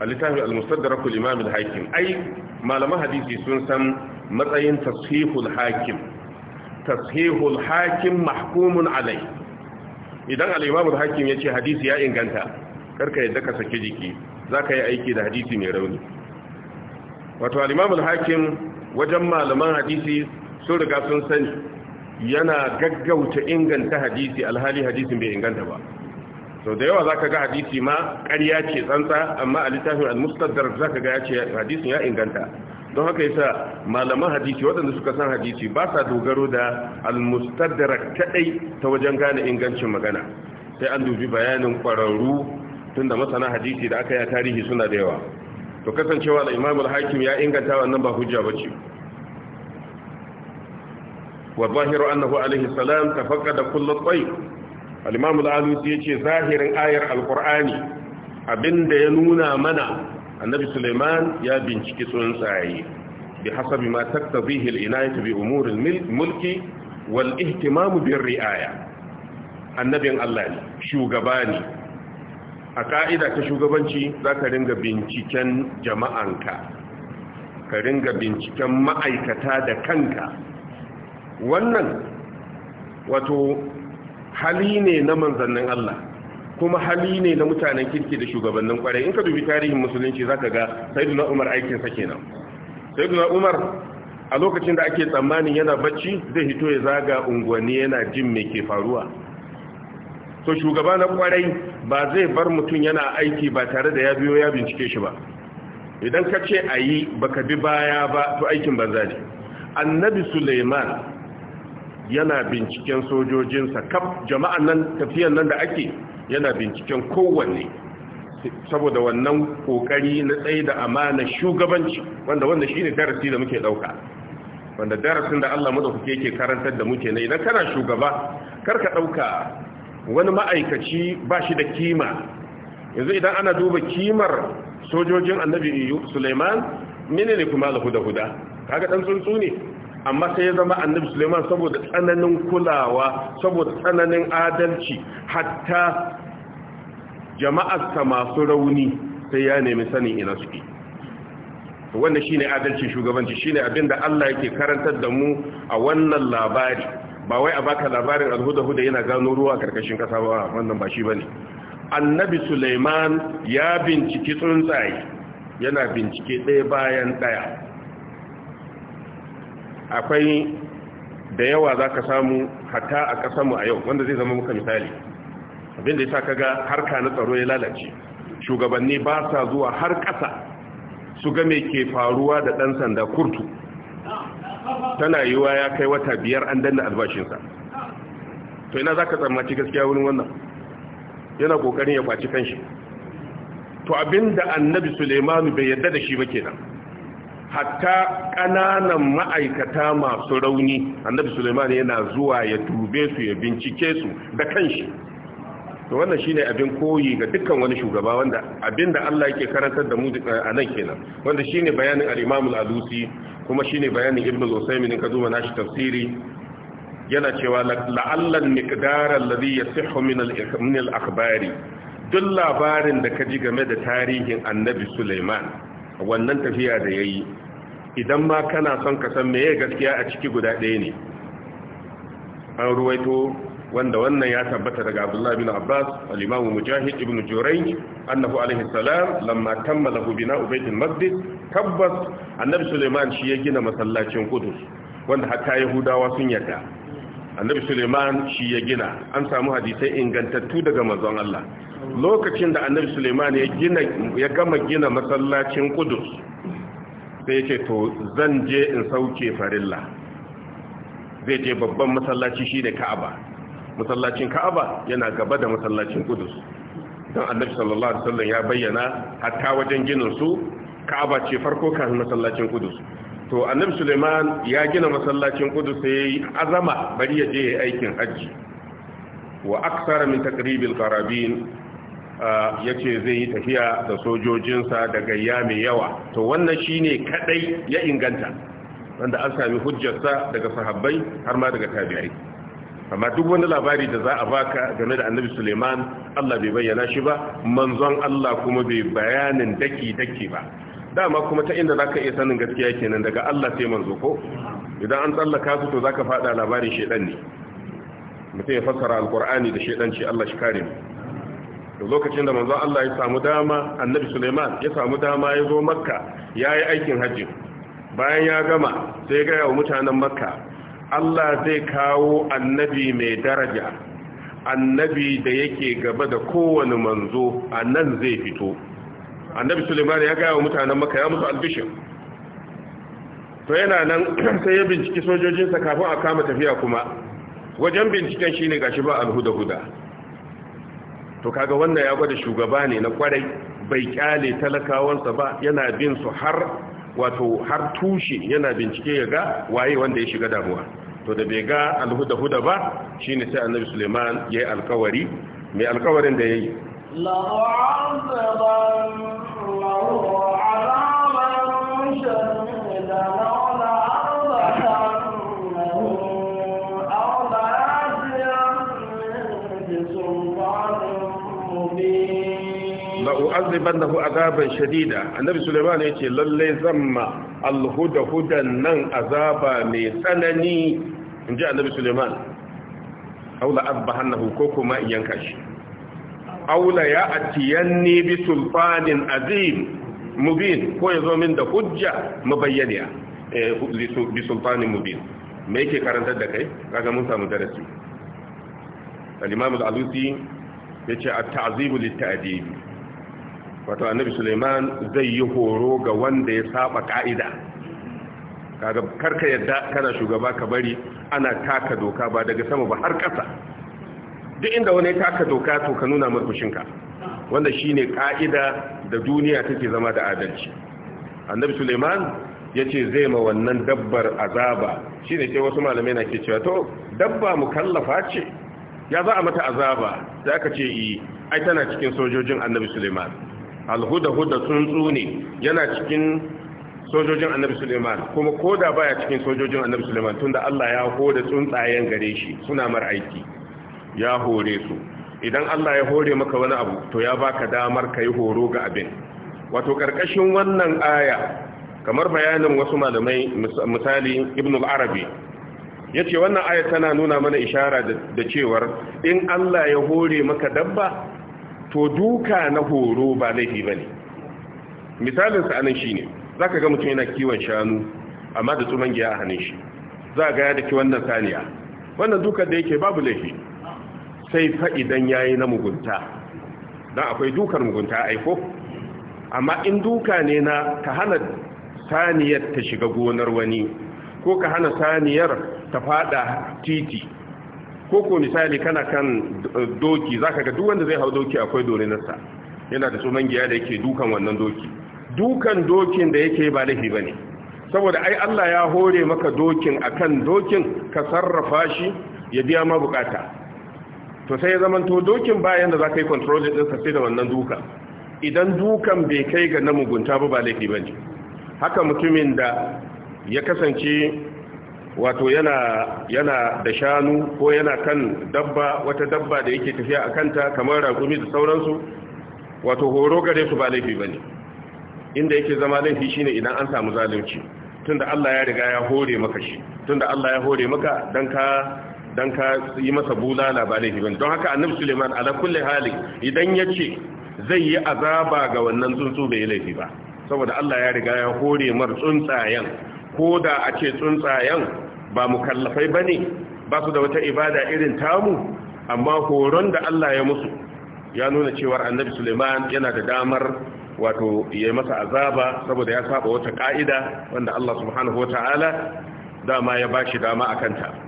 a littafin al-mustadrakul imam al-hakim ai malaman hadisi sun san matsayin tashihul hakim tashihul hakim mahkumun alai idan al-imam al-hakim yace hadisi ya inganta karka yadda ka sake jiki zaka yi aiki da hadisi mai rauni wato al-imam al-hakim wajen malaman hadisi sun riga sun sani yana gaggauta inganta hadisi alhali hadisin bai inganta ba sau da yawa zaka ga hadisi ma ƙarya ce tsantsa amma a littafin al-mustadrak zaka ga ya ce hadisin ya inganta don haka yasa malaman hadisi waɗanda suka san hadisi ba sa dogaro da al-mustadrak kadai ta wajen gane ingancin magana sai an dubi bayanin ƙwararru tunda masana hadisi da aka yi tarihi suna da yawa to kasancewa da imamul hakim ya inganta wannan ba hujja bace wa zahiru annahu alaihi salam tafaqqada kullu tayyib Alimamu imam ya ce zahirin ayar al abinda ya nuna mana annabi Suleiman ya binciki tsuntsaye bi hasabi ma taktabihi al ina bi umuri umurin mulki wal ihtimam bir ri'aya annabin Allah ne shugaba ne a ka'ida ta shugabanci zaka ringa binciken jama'anka ka ringa binciken ma'aikata da kanka wannan wato hali ne na manzannin Allah kuma hali ne na mutanen kirki da shugabannin kwarai in ka dubi tarihin musulunci za ka ga sayyiduna Umar aikin sa kenan sayyiduna Umar a lokacin da ake tsammanin yana bacci zai hito ya zaga unguwanni yana jin mai ke faruwa to shugaba na kwarai ba zai bar mutum yana aiki ba tare da ya biyo ya bincike shi ba idan ka ce a yi baka bi baya ba to aikin banza ne annabi suleiman yana binciken sojojinsa kaf jama'an nan tafiyan nan da ake yana binciken kowanne saboda wannan kokari na tsaye da amana shugabanci wanda wanda shine darasi da muke dauka wanda darasin da Allah madaukake yake karantar da muke ne idan kana shugaba ka dauka wani ma'aikaci ba shi da kima yanzu idan ana duba kimar sojojin annabi Sulaiman menene kuma da huda kaga dan tsuntsu ne amma sai ya zama annabi suleiman saboda tsananin kulawa saboda tsananin adalci hatta jama'arsa masu rauni sai ya nemi sanin ina suke wannan shine adalci shugabanci shine abinda Allah yake karantar da mu a wannan labari ba wai a baka labarin alhuda-huda yana gano ruwa karkashin kasa ba wannan ba shi bane annabi Suleiman ya binciki tsuntsaye yana bincike ɗaya bayan ɗaya akwai da yawa za ka samu hatta a mu a yau wanda zai zama muka misali abinda ya sa kaga harka na tsaro ya lalace shugabanni ba sa zuwa har ƙasa su ga mai ke faruwa da ɗan sanda kurtu tana yiwa ya kai wata biyar an danna albashinsa to ina za ka tsammaci gaskiya wurin wannan yana kokarin ya kwaci shi. to abinda annabi suleimanu bai yadda da shi ba kenan hatta ƙananan ma'aikata masu rauni annabi suleiman yana zuwa ya tube su ya bincike su da kanshi to wannan shine abin koyi ga dukkan wani shugaba wanda abinda Allah yake karantar da mu a nan kenan wanda shine bayanin al-Imam al-Alusi kuma shine bayanin Ibn al-Usaymin ka shi shi tafsiri yana cewa la'allan miqdar alladhi yasihhu min al-akhbari duk labarin da ka ji game da tarihin Annabi Sulaiman wannan tafiya da ya yi idan ma kana son ka san meye gaskiya a ciki guda ɗaya ne an ruwaito wanda wannan ya tabbata daga abdullahi bin abbas al'imamu mujahid ibn jurai annahu alaihi salam lamma kammala bina ubaitin masjid tabbas annabi suleiman shi ya gina masallacin kudus wanda hatta yahudawa sun yarda annabi suleiman shi ya gina an samu hadisai ingantattu daga mazan Allah lokacin da annabi suleiman ya gina ya gama gina masallacin kudus sai ce to zan je in sauke farilla zai je babban masallaci shi da ka'aba masallacin ka'aba yana gaba da masallacin kudus don annabi sallallahu alaihi wasallam ya bayyana hatta wajen ginin su ka'aba ce farko kan masallacin kudus to annabi suleiman ya gina masallacin kudu sai azama bari ya je aikin hajji wa aksara min taqribil ya ce zai yi tafiya da sojojinsa da gayya mai yawa to wannan shine kadai ya inganta wanda an sami hujjarsa daga sahabbai har ma daga tabi'ai amma duk wani labari da za a baka game da annabi suleiman allah bai bayyana shi ba manzon allah kuma bai bayanin daki-daki ba dama kuma ta inda zaka iya sanin gaskiya kenan daga Allah sai manzo ko idan an tsallaka su to zaka fada labarin shedan ne mutum ya fassara alqur'ani da shedan ce Allah shi kare mu da lokacin da manzo Allah ya samu dama annabi Sulaiman ya samu dama ya zo makka ya yi aikin hajji bayan ya gama sai ga yawo mutanen makka Allah zai kawo annabi mai daraja annabi da yake gaba da kowane manzo a nan zai fito annabi suleiman ya gaya wa mutanen maka ya musu albishir to yana nan sai ya binciki sojojinsa kafin a kama tafiya kuma wajen binciken shine gashi ba alhuda-huda to kaga wannan ya gwada shugaba ne na kwarai bai kyale talakawansa ba yana bin su har wato har tushe yana bincike ya ga waye wanda ya shiga damuwa to da bai ga alhuda-huda ba shine sai annabi suleiman ya yi alkawari mai alkawarin da ya yi لأعذبنه عذابا شديدا مبين لأعذبنه عذابا شديدا النبي سليمان يقول للي زم هدى نن عذابا من سنني إن جاء النبي سليمان أو كوكو كوكما ينكشي aula ya atiyanni bi sulfanin azim mubin ko ya zo min da hujja mabayyaniya eh, bi sulfanin mubin me yake karantar da kai kaga mun samu darasi al-imam al-alusi yace at-ta'zibu lit-ta'dib wato annabi Sulaiman zai yi horo ga wanda ya saba ka'ida kaga karka yadda kana shugaba ka bari ana taka doka ba daga sama ba har ƙasa duk inda wani taka doka to ka nuna murkushinka wanda shine ka'ida da duniya take zama da adalci annabi suleiman ya ce zai ma wannan dabbar azaba shi ne sai wasu malamai na ke cewa to dabba mukallafa ce ya za a mata azaba sai aka ce yi eh, ai tana cikin sojojin annabi suleiman alhuda-huda tsuntsu ne yana cikin sojojin annabi suleiman kuma koda baya cikin sojojin annabi suleiman tunda allah ya hoda tsuntsayen gare shi suna mar aiki ya hore su idan Allah ya hore maka wani abu to ya baka damar ka yi horo ga abin wato karkashin wannan aya kamar bayanin wasu malamai misali ibn al-arabi yace wannan aya tana nuna mana ishara da cewar in Allah ya hore maka dabba to duka na horo ba laifi bane misalin sa anan shine zaka ga mutum yana kiwon shanu amma da tsuman giya a hannun shi za ga ya daki wannan saniya wannan duka da yake babu laifi sai fa'idan idan yayi na mugunta dan akwai dukar mugunta aiko amma in duka ne na ka hana saniyar ta shiga gonar wani ko ka hana saniyar ta fada titi ko ko misali kana kan doki zaka ga duk wanda zai hau doki akwai dorinarsa yana da sunan giya da yake dukan wannan doki dukan dokin da yake ba laifi bane saboda ai Allah ya hore maka dokin akan dokin ka sarrafa shi ya biya ma bukata to sai ya zamanto dokin bayan da za ka yi kontrolin ɗinsa sai da wannan duka idan dukan bai kai ga na mugunta ba ba laifi ba haka mutumin da ya kasance wato yana yana da shanu ko yana kan dabba wata dabba da yake tafiya a kanta kamar rakumi da sauransu wato horo gare su ba laifi ba inda yake zama laifi shine idan an samu zalunci tunda Allah ya riga ya hore maka shi tunda Allah ya hore maka dan ka dan ka yi masa bulala ba don haka annabi Suleiman ala kulli hali idan yace zai yi azaba ga wannan tsuntsu bai laifi ba saboda Allah ya riga ya hore mar tsuntsayen ko da a ce tsuntsayen ba mukallafai kallafai ba su da wata ibada irin tamu amma horon da Allah ya musu ya nuna cewar annabi Suleiman yana da damar wato yayi masa azaba saboda ya saba wata ka'ida wanda Allah subhanahu wataala dama ya bashi dama a kanta.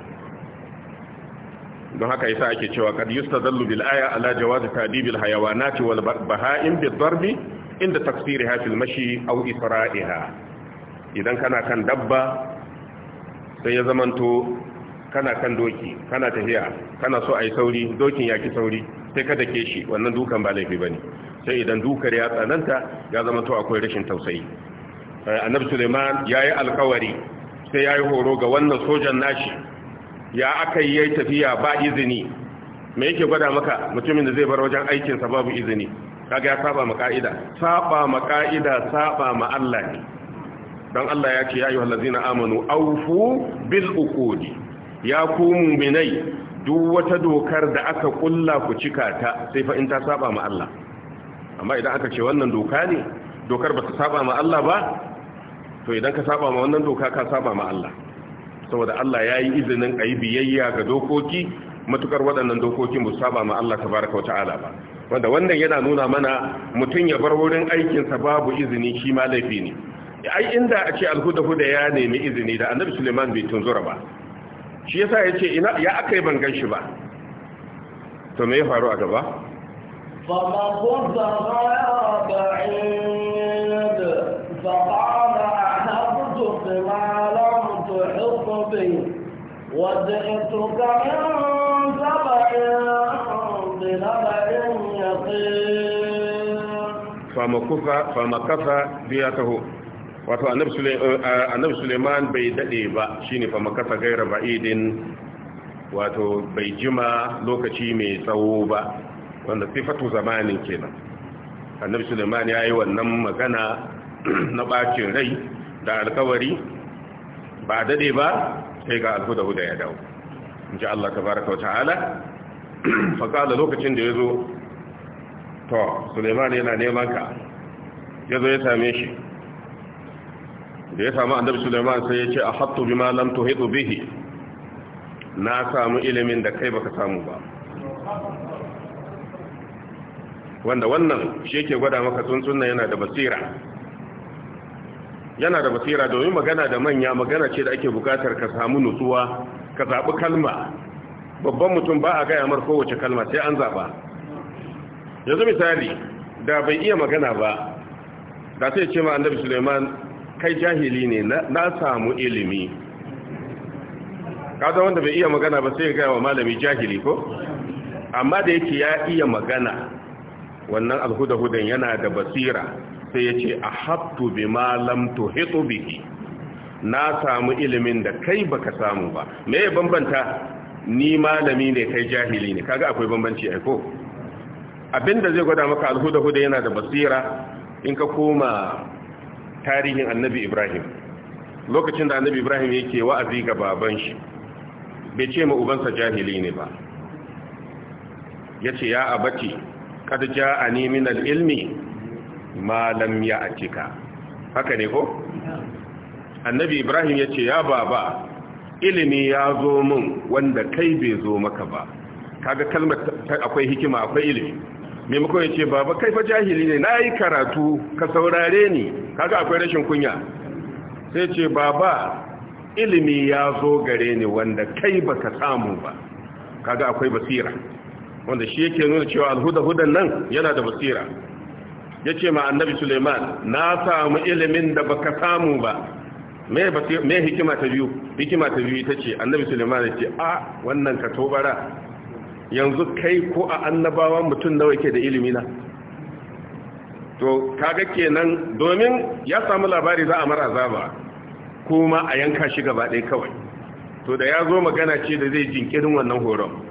don haka yasa ake cewa kad yustadallu bil aya ala jawazi tadibil hayawanati wal baha'im bid darbi inda taksiriha fil mashi aw isra'iha idan kana kan dabba sai ya zamanto kana kan doki kana tafiya kana so ayi sauri dokin yaki sauri sai kada dake shi wannan dukan ba laifi bane sai idan dukar ya tsananta ya zamanto akwai rashin tausayi eh, annabi Suleiman yayi alkawari sai yayi horo ga wannan sojan nashi ya aka yi tafiya ba izini me yake gwada maka mutumin da zai bar wajen aikinsa babu izini kaga ya saba ma ka'ida saba ma ka'ida saba ma Allah ne don Allah ya ce ya ayyuhal ladzina amanu awfu bil uqudi ya ku mu'minai duk wata dokar da aka kulla ku cika ta sai fa in ta saba ma Allah amma idan aka ce wannan doka ne dokar ba ta saba ma Allah ba to idan ka saba ma wannan doka ka saba ma Allah saboda Allah ya yi izinin a yi biyayya ga dokoki matukar waɗannan dokokin ba saba ma Allah tabaraka wa ta'ala ba wanda wannan yana nuna mana mutum ya bar wurin aikinsa babu izini shi ma laifi ne ai inda a ce alhuda-huda ya nemi izini da annabi suleiman bai tunzura ba shi yasa ya ce ya aka yi ban gan shi ba to me ya faru a gaba فَمَا قَدَّرَ خطبي وجئتك من سبع بنبع يقين فمكث wato annabi suleiman bai dade ba shine fa makasa gaira ba'idin wato bai jima lokaci mai tsawo ba wanda sifatu zamanin kenan annabi suleiman ya yi wannan magana na bacin rai da alkawari ba dade ba sai ga alhuda huda ya dawo in ji Allah tabaraka wata'ala fa kala lokacin da yazo to Suleiman yana neman ka yazo ya same shi da ya samu annabi Suleiman sai ya ce ahattu bima lam tuhidu bihi na samu ilimin da kai baka samu ba wanda wannan shi yake gwada maka tsuntsun yana da basira yana da basira domin magana da manya magana ce da ake bukatar ka samu nutsuwa ka zaɓi kalma babban mutum ba a gaya mar kowace kalma sai an zaba yanzu misali da bai iya magana ba da sai ce ma annabi suleiman kai jahili ne na samu ilimi kaza wanda bai iya magana ba sai ya gaya wa malami jahili ko amma da yake ya iya magana wannan alhudahudan yana da basira sai ya ce a haftu bi malam lamto hito biki na samu ilimin da kai baka samu ba me ya bambanta ni malami ne kai jahili ne kaga akwai bambanci aiko abinda zai gwada maka alhuda huda yana da basira in ka koma tarihin annabi ibrahim lokacin da annabi ibrahim yake wa'azi ga baban shi bai ce ma ubansa jahili ne ba ya ce ya abaci kada ja a al-ilmi malam ya atika haka ne ko annabi ibrahim ya ce ya baba ilimi ya zo min wanda kai bai zo maka ba kaga kalmar akwai hikima akwai ilimi maimakon ya ce baba kai fa jahili ne na yi karatu ka saurare ni kaga akwai rashin kunya sai ce baba ilimi ya zo gare ni wanda kai baka samu ba kaga akwai basira wanda shi yake nuna cewa alhuda hudan nan yana da basira ya ce ma annabi suleiman na samu ilimin da ba ka samu ba me hikima ta biyu hikima ta biyu ita ce annabi suleiman ya ce a wannan ka tobara yanzu kai ko a annabawan mutum nawa ke da ilimina to kaga kenan domin ya samu labari za a mara azaba kuma a yanka shi gaba ɗaya kawai to da ya zo magana ce da zai jinkirin wannan horon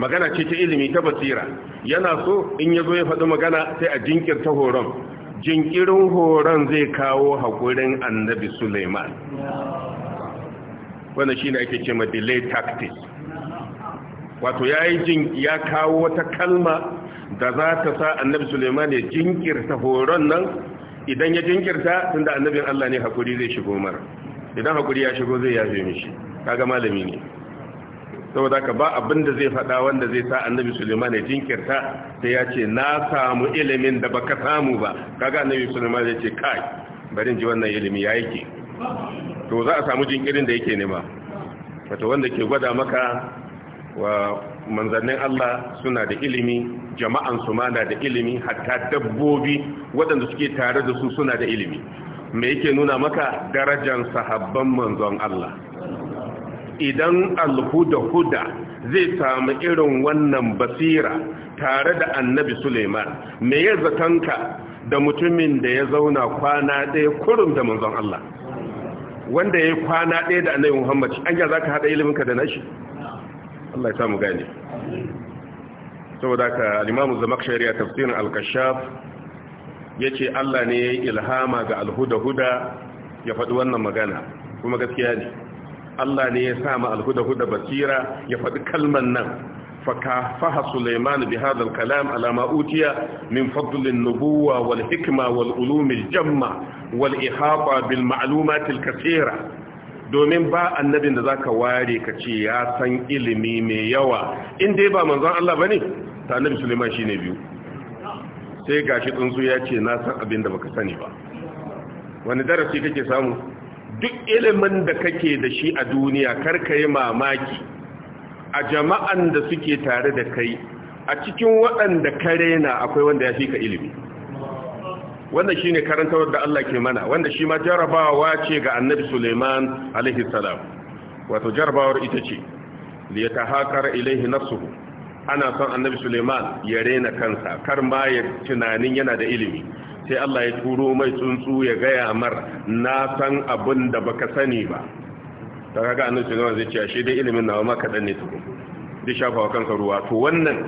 magana ce ta ilimi ta basira yana so in ya zo ya faɗi magana sai a jinkirta horon jinkirin horon zai kawo haƙurin annabi suleiman wanda shi ne ake ce ma delay tactics wato ya yi ya kawo wata kalma da za ta sa annabi suleiman ya jinkirta horon nan idan ya jinkirta tun da annabin allah ne haƙuri zai shigo mara idan hakuri ya shigo zai yafe mishi kaga malami ne saboda ka ba abin da zai faɗa wanda zai sa annabi suleiman ya jinkirta sai ya ce na samu ilimin da baka samu ba kaga annabi suleiman ya ce kai barin ji wannan ilimi ya yake to za a samu jinkirin da yake nema wato wanda ke gwada maka wa manzannin Allah suna da ilimi jama'an su ma na da ilimi hatta dabbobi waɗanda suke tare da su suna da ilimi me yake nuna maka darajar sahabban manzon Allah idan alhuda-huda zai samu irin wannan basira tare da annabi Suleiman me ya zatanka da mutumin da ya zauna kwana ɗaya kurum da manzon Allah wanda ya kwana ɗaya da annabi Muhammad an za ka haɗa iliminka da nashi Allah ya samu gane saboda ka alimamu imam shari'a, tafsirin al ya ce Allah ne ya yi ilhama ga alhuda-huda ya faɗi wannan magana kuma gaskiya ne Allah ne ya sa ma alhuda-huda basira ya faɗi kalman nan فكافح kalam بهذا min fadlin nubuwa wal من wal النبوة jamma wal الجمة bil بالمعلومات الكثيرة domin ba annabin da zaka ware ka ce ya san ilimi mai yawa in dai ba manzon Allah bane ta annabi Sulaiman shine biyu sai gashi tsuntsu ya ce na san abin da baka sani ba wani darasi kake samu duk ilimin da kake da shi a duniya kar ka yi mamaki a jama'an da suke tare da kai a cikin waɗanda ka rena akwai wanda ya fi ka ilimi Wanda shi ne da Allah ke mana wanda shi ma jarabawa ce ga annabi suleiman salam wato jarabawar ita ce da ya ta haƙar ilaihi nasu ana son annabi suleiman ya rena kansa kar ma ya tunanin yana da ilimi sai Allah ya turo mai tsuntsu ya gaya mar na san abin da baka sani ba ta kaga annabi sallallahu gama zai ce shi dai ilimin nawa ma kadan ne tukun zai shafa kanka ruwa to wannan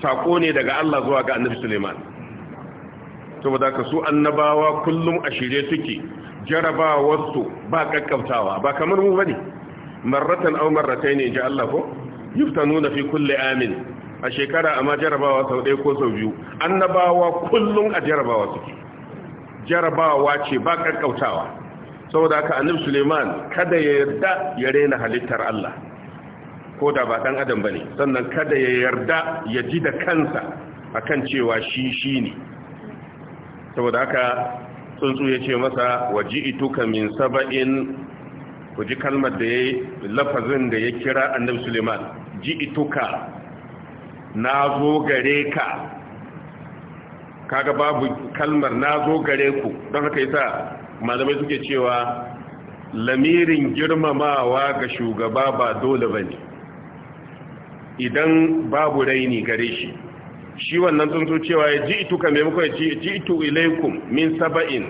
sako ne daga Allah zuwa ga annabi Sulaiman ba ka su annabawa kullum a shirye suke jarabawarsu ba kakkautawa ba kamar mu bane marratan aw marratayn in ji Allah ko yuftanuna fi kulli amin a shekara amma jarabawa sau ɗaya ko sau biyu annabawa kullum a jarabawa suke jarabawa ce ba ƙarƙautawa saboda haka annabi suleiman kada ya yarda ya rena halittar Allah ko da ba ɗan adam bane sannan kada ya yarda ya ji da kansa akan cewa shi shi ne saboda haka tsuntsu ya ce masa waji ituka min saba'in ku ji kalmar da ya yi lafazin da ya kira annabi suleiman ji ituka na zo gare ka kaga babu kalmar na zo gare ku don haka yasa malamai suke cewa lamirin girmamawa ga shugaba ba dole bane idan babu raini gare shi shi wannan tsuntsu cewa ya ji'tu ka maimakon ya ce itu ilaikum min saba'in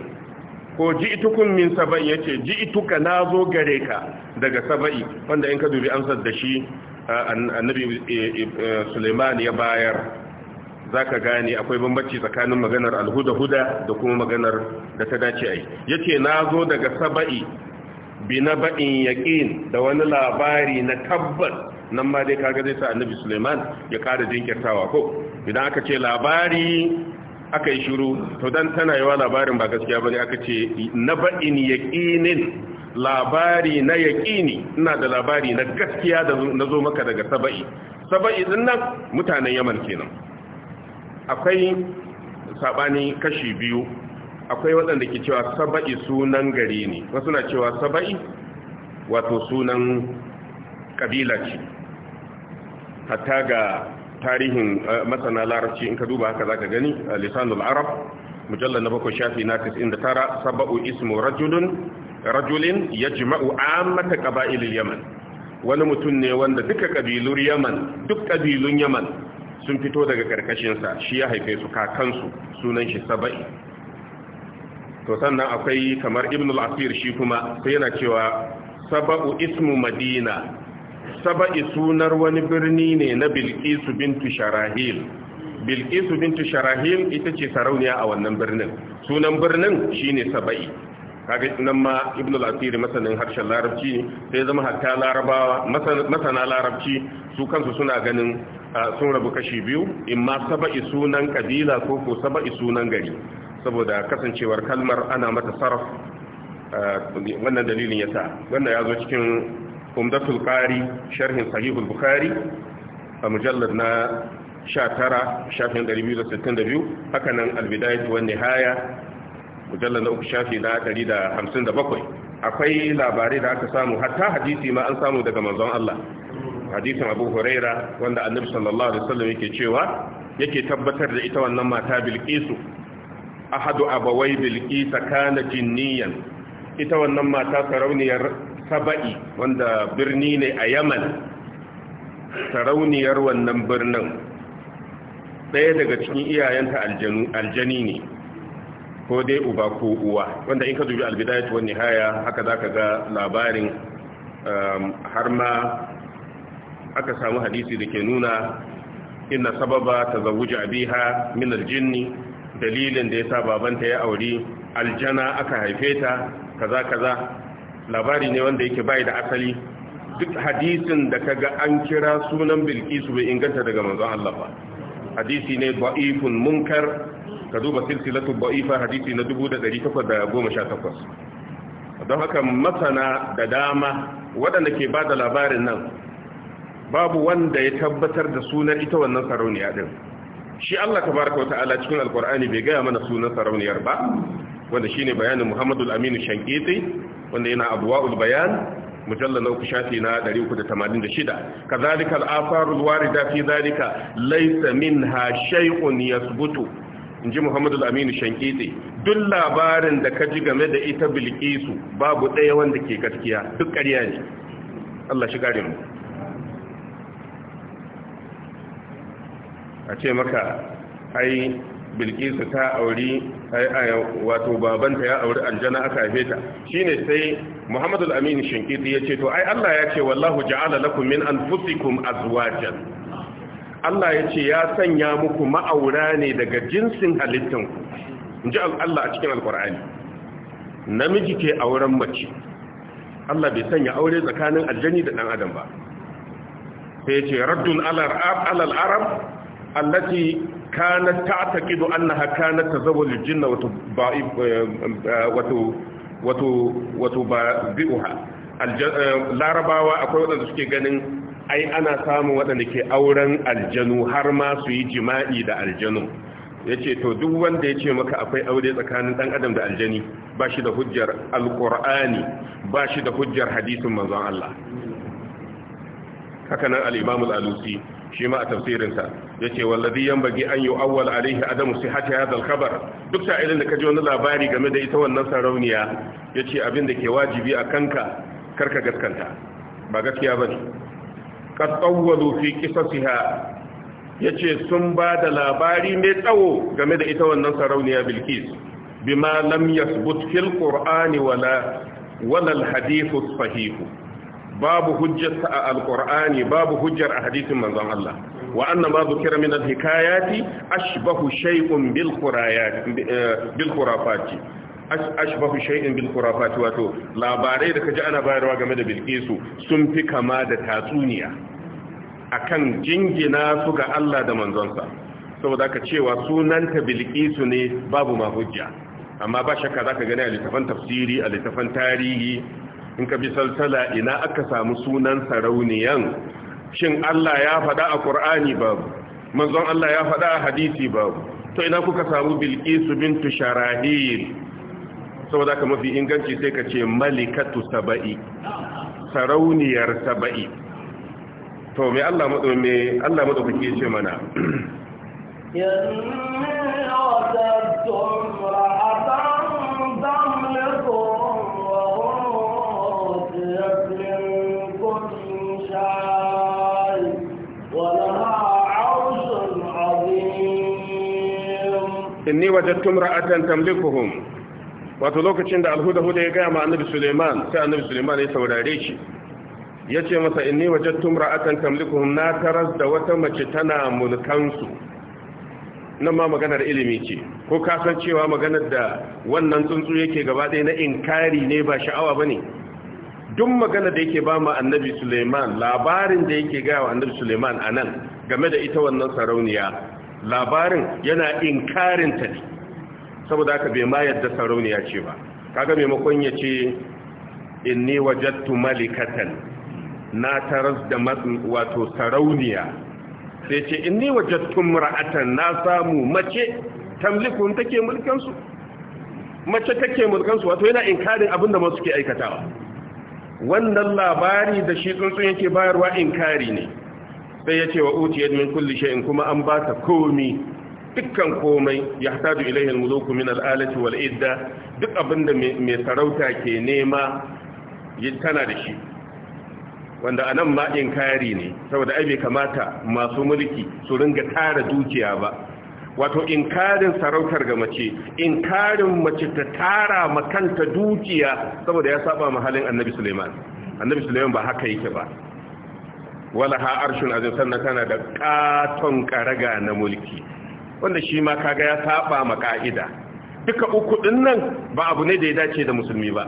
ko ji'tukum min saba'in yace ji'tu ka zo gare ka daga saba'i wanda in ka dubi amsar da shi annabi eh, eh, Suleiman ya bayar za ka gane akwai bambanci tsakanin maganar alhuda-huda da kuma maganar da ta dace ai ya ce na zo daga saba'i bi na ba'in yaƙin da wani labari na tabbas nan ma dai kaga zai sa annabi suleiman ya ƙara jinkirtawa ko idan aka ce labari aka yi shiru to dan tana yawa labarin ba gaskiya bane aka ce na ba'in labari na yaƙini ina da labari na gaskiya da na zo maka daga saba'i saba'i din nan mutanen yaman kenan akwai saɓani kashi biyu akwai waɗanda ke cewa saba'i sunan gari ne wasu na cewa saba'i wato sunan ƙabila ce hatta ga tarihin eh, masana larabci in ka duba haka zaka gani lisanul arab mujallar na bakwai shafi na 99 saba'u ismu rajulun rajulin yajma'u amata qaba'ilil yaman wani mutum ne wanda duka ƙabilun yaman duk kabilun yaman sun fito daga karkashinsa shi ya haife su kakansu sunan shi saba'i to sannan akwai kamar ibn al-asir shi kuma sai yana cewa saba'u ismu madina saba'i sunar wani birni ne na bilkisu bintu sharahil bilkisu bintu sharahil ita ce sarauniya a wannan birnin sunan birnin shine saba'i kaga nan ma ibn al-asiri masanin harshen larabci ne sai zama hatta larabawa masana larabci su kansu suna ganin sun rabu kashi biyu in ma saba'i sunan kabila ko ko saba'i sunan gari saboda kasancewar kalmar ana mata sarf wannan dalilin yasa wannan ya zo cikin umdatul qari sharhin sahihul bukhari a mujallad na 19 shafin 262 hakanan al-bidayah wa nihaya mujallar na uku shafi na ɗari da hamsin da bakwai akwai labarai da aka samu hatta hadisi ma an samu daga manzon Allah hadisin abu huraira wanda annabi sallallahu alaihi wasallam yake cewa yake tabbatar da ita wannan mata bilqisu ahadu abawai bilqisa kana jinniyan ita wannan mata sarauniyar saba'i wanda birni ne a yaman sarauniyar wannan birnin ɗaya daga cikin iyayenta aljani ne ko dai uba ko uwa wanda in ka dubi albidayat wa nihaya haka zaka ga labarin um, har ma aka samu hadisi da ke nuna inna sababa tazawwuj abiha min aljinn dalilin da yasa babanta ya auri aljana aka haife ta kaza kaza labari ne wanda yake bai da asali duk hadisin da kaga an kira sunan bilkisu bai inganta daga manzon Allah ba hadisi ne da'ifun munkar ka duba silsilatu ba'ifa hadisi na 1818 don haka masana da dama waɗanda ke ba da labarin nan babu wanda ya tabbatar da sunan ita wannan sarauniya din shi Allah ka wata ta'ala cikin alkur'ani bai gaya mana sunan sarauniyar ba wanda shine bayanin Muhammadu Aminu amin wanda yana Abwaul Bayan Mujalla na uku shafi na 386 kadhalika al-atharul warida fi dhalika laysa minha shay'un yasbutu in ji muhammadu aminu shankiti duk labarin da ka ji game da ita bilkisu babu ɗaya wanda ke gaskiya duk ƙarya ne allah shi gare mu a ce maka ai bilkisu ta auri wato babanta ya auri aljana aka haife ta Shi ne sai muhammadu aminu shankiti ya ce to ai allah ya ce wallahu ja'ala lakum min anfusikum azwajan Allah ya ce ya sanya muku ma'aura ne daga jinsin halittanku in ji Allah a cikin alkur'ani namiji ke auren mace Allah bai sanya aure tsakanin aljani da ɗan adam ba sai ce raddun alal arab allati kanat ta'taqidu annaha kanat tazawwajul jinna wa wato wato wato ba'uha larabawa akwai wadanda suke ganin ai ana samun waɗanda ke auren aljanu har ma su yi jima'i da aljanu ya ce to duk wanda ya ce maka akwai aure tsakanin ɗan adam da aljani ba shi da hujjar alƙur'ani ba shi da hujjar hadisin manzon Allah haka nan al'imam al'alusi shi ma a tafsirinsa ya ce wallazi yan bagi an yi awwal alaihi adamu sai hata ya zalkabar duk ilin da ka ji wani labari game da ita wannan sarauniya ya ce abin da ke wajibi a kanka karka gaskanta ba gaskiya ba ne qad tawwalu fi qisasiha yace sun ba da labari mai tsawo game da ita wannan sarauniya Bilkis bima lam yasbut fil qur'ani wala wala al babu hujjata a alqur'ani babu hujjar a hadisin manzon Allah wa anna ma dhukira min al hikayati ashbahu shay'un bil qurayat bil eh, ashbahu shay'in bil khurafat wato labarai da kaji ana bayarwa game da bilkisu sun fi kama da tatsuniya akan jingina su ga Allah da manzonsa saboda aka cewa sunanta bilkisu ne babu ma hujja amma ba shakka zaka gani a littafan tafsiri a littafan tarihi in ka bi salsala ina aka samu sunan sarauniyan shin Allah ya faɗa a Qur'ani babu manzon Allah ya faɗa a hadisi babu to ina kuka samu bilkisu bintu sharahil saboda ka mafi inganci sai ka ce malikatu saba'i sarauniyar saba'i to me Allah maɗo Allah maɗo ce mana inni wajadtum ra'atan tamlikuhum wato lokacin da alhuda-huda ya gaya ma annabi suleiman sai annabi suleiman ya saurare shi ya ce masa inni a ra'atan kamliku na taras da wata mace tana mulkansu nan ma maganar ilimi ce ko ka cewa maganar da wannan tsuntsu yake gaba ɗaya na inkari ne ba sha'awa ba ne duk maganar da yake ba ma annabi suleiman labarin da yake gaya wa annabi suleiman a nan game da ita wannan sarauniya labarin yana inkarin ta ne saboda aka bai ma yadda sarauniya ce ba kaga maimakon ya ce inni wajattu malikatan na taras da wato sarauniya sai ce inni wajattu mura'atan na samu mace tamlikun take mulkansu mace take mulkansu wato yana inkarin abin da masu ke aikatawa wannan labari da shi tsuntsun yake bayarwa inkari ne sai ya ce wa utiyad min kulli shay'in kuma an ba ta komi dukkan komai ya hataju ilaihi al min alati idda duk abinda mai sarauta ke nema yin tana da shi wanda anan ma inkari ne saboda ai bai kamata masu mulki su ringa tara dukiya ba wato in karin sarautar ga mace in karin mace ta tara makanta dukiya saboda ya saba mahalin annabi Suleiman. annabi Suleiman ba haka yake ba wala ha arshin azim sannan tana da katon karaga na mulki wanda shi ma kaga ya saba ma ka'ida duka uku din nan ba abu ne da ya dace da musulmi ba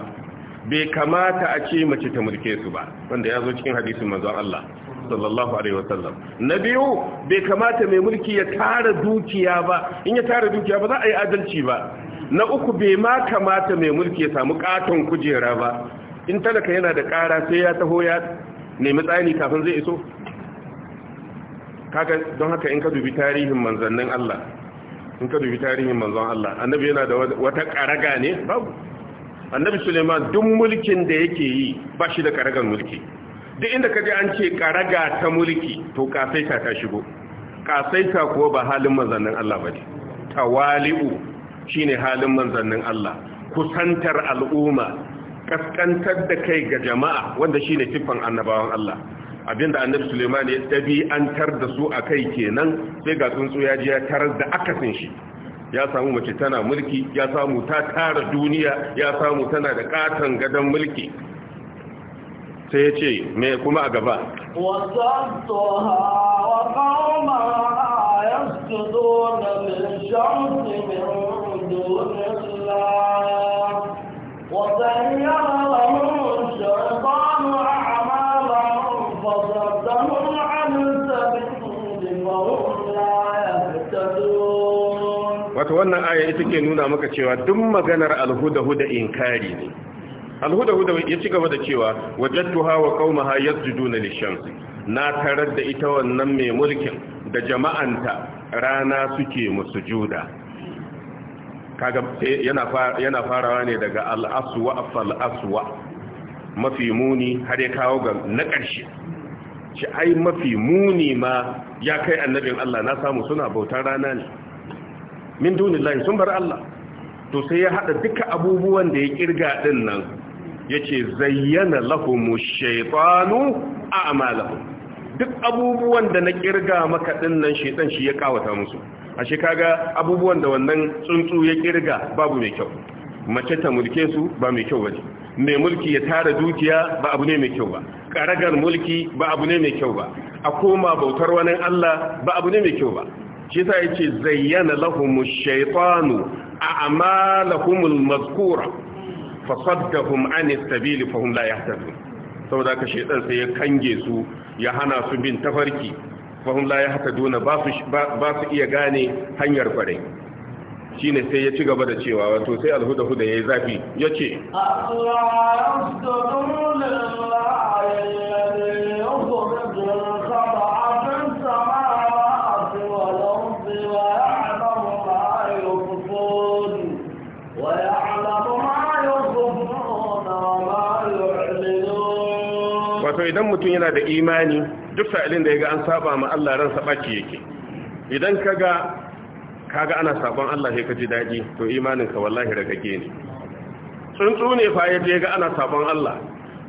bai kamata a ce mace ta mulke su ba wanda ya zo cikin hadisin manzon Allah sallallahu alaihi wasallam na biyu bai kamata mai mulki ya tara dukiya ba in ya tara dukiya ba za a yi adalci ba na uku bai ma kamata mai mulki ya samu katon kujera ba in talaka yana da kara sai ya taho ya nemi tsani kafin zai iso kaga don haka in ka dubi tarihin manzannin Allah in ka dubi tarihin manzon Allah annabi yana da wata karaga ne babu annabi Suleiman duk mulkin da yake yi ba shi da karagan mulki duk inda kaje an ce karaga ta mulki to kasaita ta shigo kasaita kuwa ba halin manzannin Allah bane tawali'u shine halin manzannin Allah kusantar al'umma kaskantar da kai ga jama'a wanda shine tiffan annabawan Allah Abin da annabi Suleiman ya ɗabi'antar da su a kai kenan sai ga tsuntsu ya ji ya tarar da akasin shi ya samu mace tana mulki ya samu ta tara duniya ya samu tana da katon gadon mulki sai ya ce mai kuma a gaba وَسَيَّ wato wannan aya ita ke nuna maka cewa duk maganar alhuda-huda inkari ne alhuda-huda ya ci gaba da cewa wajattuha wa kauma yasjuduna lishamsi na tarar da ita wannan mai mulkin da jama'anta rana suke juda kaga eh, yana yana farawa ne daga al-aswa afal aswa mafi muni har ya kawo ga na ƙarshe shi ai mafi muni ma ya kai annabin Allah na samu suna bautar rana ne min dunillahi sun bar Allah to sai ya hada duka abubuwan da ya kirga din nan yace zayyana lahumu shaytanu a'malahum duk abubuwan da na kirga maka din nan shaytan shi ya kawata musu ashe kaga abubuwan da wannan tsuntsu ya kirga babu mai kyau mace ta mulke su ba mai kyau bane mai mulki ya tara dukiya ba abu ne mai kyau ba karagar mulki ba abu ne mai kyau ba a koma bautar wani Allah ba abu ne mai kyau ba shi yace zayyana lahumu shaytanu a'malahum almazkura fasaddahum an as-sabil fahum la yahtadun saboda ka shaytan sai ya kange su ya hana su bin tafarki fahum la yahtadun ba su iya gane hanyar kwarai shine sai ya ci gaba da cewa wato sai alhuda huda yi zafi yace Allahu idan mutum yana da imani duk sa'ilin da ya ga an saba ma Allah ransa baki yake idan kaga kaga ana sabon Allah sai ka ji daɗi to imaninka wallahi ragage ne tsuntsu ne fa ya ga ana sabon Allah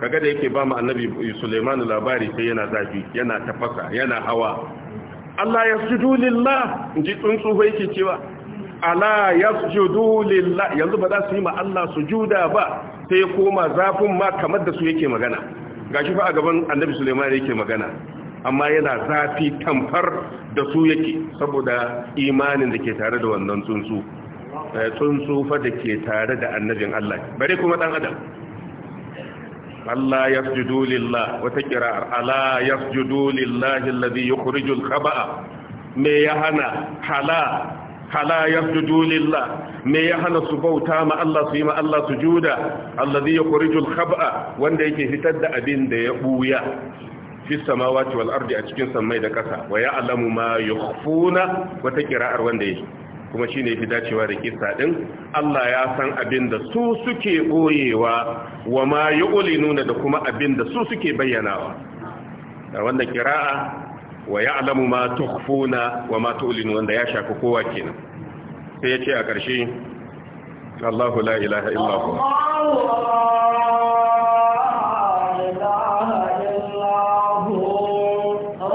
kaga da yake ba mu annabi Sulaiman labari sai yana zafi yana tafasa yana hawa Allah ya yasjudu lillah ji tsuntsu fa yake cewa ala yasjudu lillah yanzu ba za su yi ma Allah sujuda ba sai koma zafin ma kamar da su yake magana gashi fa a gaban annabi Sulaiman yake magana amma yana zafi tamfar da su yake saboda imanin da ke tare da wannan tsuntsu eh, tsuntsu fa da ke tare da annabin Allah bare kuma dan adam Allah yasjudu lillah wata kira'ar ala yasjudu lillahi alladhi yukhrijul khaba'a me ya hana hala فلا يسجدوا لله ما يهنا سبوتا ما الله سيما الله سجودا الذي يخرج الخبأ وانده يكي فتد أبين ده يقويا في السماوات والأرض أتكين سمي دكسا ويعلم ما يخفون وتكراء وانده kuma shi ne fi dacewa da kisa ɗin Allah ya san abin da su suke ɓoyewa wa ma yi nuna da kuma abin da su suke bayyanawa da wannan kira'a wa Alamu ma tukhfuna wa ma tu'linu wanda ya shafi kowa kenan sai ya ce a ƙarshe Allahu la ilaha illa huwa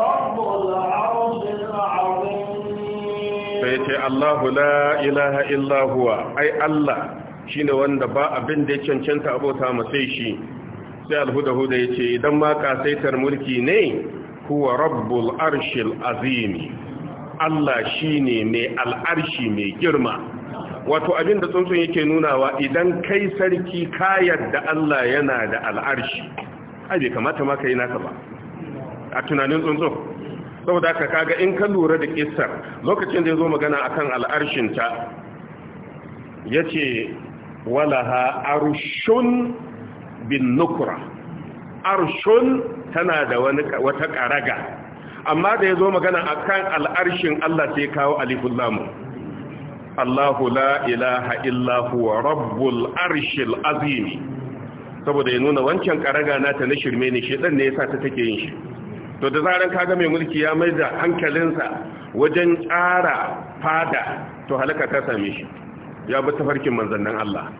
sai yace Allahu la ilaha illa huwa ai Allah shine wanda ba abin da ya cancanta abota masai shi sai alhuda huda yace idan ma ka saitar mulki ne huwa rabbul arshil azimi Allah shine mai al'arshi mai girma wato abin da tsuntsun yake nunawa idan kai sarki ka yadda Allah yana da al'arshi ai bai kamata ma kai naka ba a tunanin tsuntsun saboda ka kaga in ka lura da kissar lokacin da yazo magana akan al'arshin ta yace walaha arshun bin nukra arshun tana da wani wata karaga amma da ya zo magana a kan al'arshin Allah sai kawo alifun Lamu. Allahu la ilaha illahu wa rabbul arshil azim saboda ya nuna wancan karaga nata na shirme ne shedan ne yasa ta take yin shi to da ka kaga mai mulki ya mai da hankalinsa wajen tsara fada to halaka ta same shi ya bi tafarkin manzannin Allah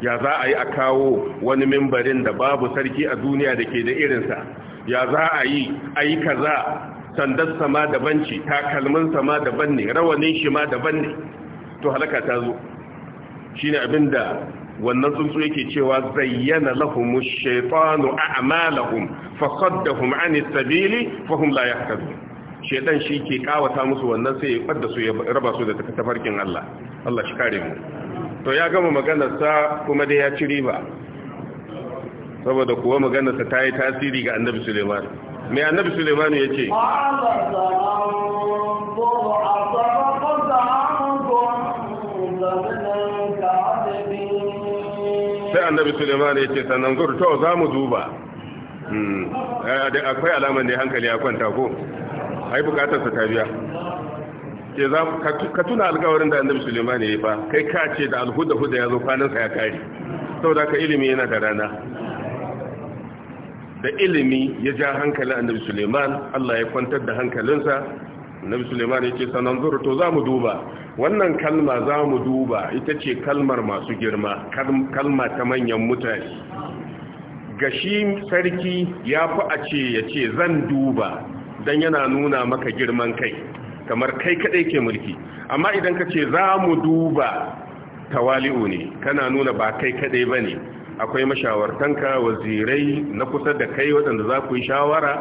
ya za a yi a kawo wani mimbarin da babu sarki a duniya da ke da irinsa ya za a yi a yi kaza sandar sama daban ce takalmin sama daban ne rawanin shi ma daban ne to halaka ta zo shi ne abinda wannan tsuntsu yake cewa zayyana lahumu shaitanu a'malahum fasaddahum an sabili fahum la yahtadun shi ke kawata musu wannan sai ya su ya raba su da tafarkin Allah Allah shi kare mu to ya gama maganarsa kuma dai ya ci riba saboda kuwa maganarsa ta yi tasiri ga annabi suleiman mai annabi suleiman ya ce sai annabi suleiman ya ce sannan to za mu duba hmm. eh, akwai alamar ne hankali ya kwanta ko ai bukatarsa ta biya ke za ka tuna alkawarin da annabi Suleiman ya yi fa kai ka ce da alhuda huda ya zo kwanan sa ya kare saboda ka ilimi yana da rana da ilimi ya ja hankalin annabi Suleiman Allah ya kwantar da hankalinsa annabi Suleiman ya sanan zuru to za mu duba wannan kalma za mu duba ita ce kalmar masu girma kalma ta manyan mutane gashi sarki ya fi a ce ya ce zan duba don yana nuna maka girman kai kamar kai kaɗai ke mulki amma idan ka ce za mu duba tawali'u ne kana nuna ba kai kaɗai ba ne akwai mashawartanka wazirai na kusa da kai waɗanda za ku yi shawara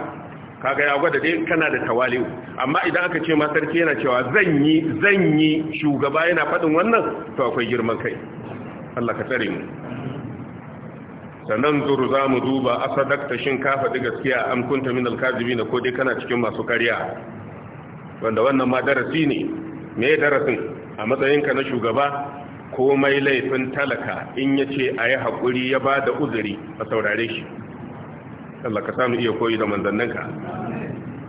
kaga ya gwada dai kana da tawali'u amma idan aka ce ma sarki yana cewa zan yi zan yi shugaba yana faɗin wannan to akwai girman kai Allah ka tsare mu sannan zuru za mu duba asadakta shin ka faɗi gaskiya am kunta min alkazibi na ko dai kana cikin masu ƙarya wanda wannan ma darasi ne me darasin a matsayinka na shugaba komai laifin talaka in ya ce a yi haƙuri ya ba da uzuri a saurare shi Allah ka samu iya koyi da manzanninka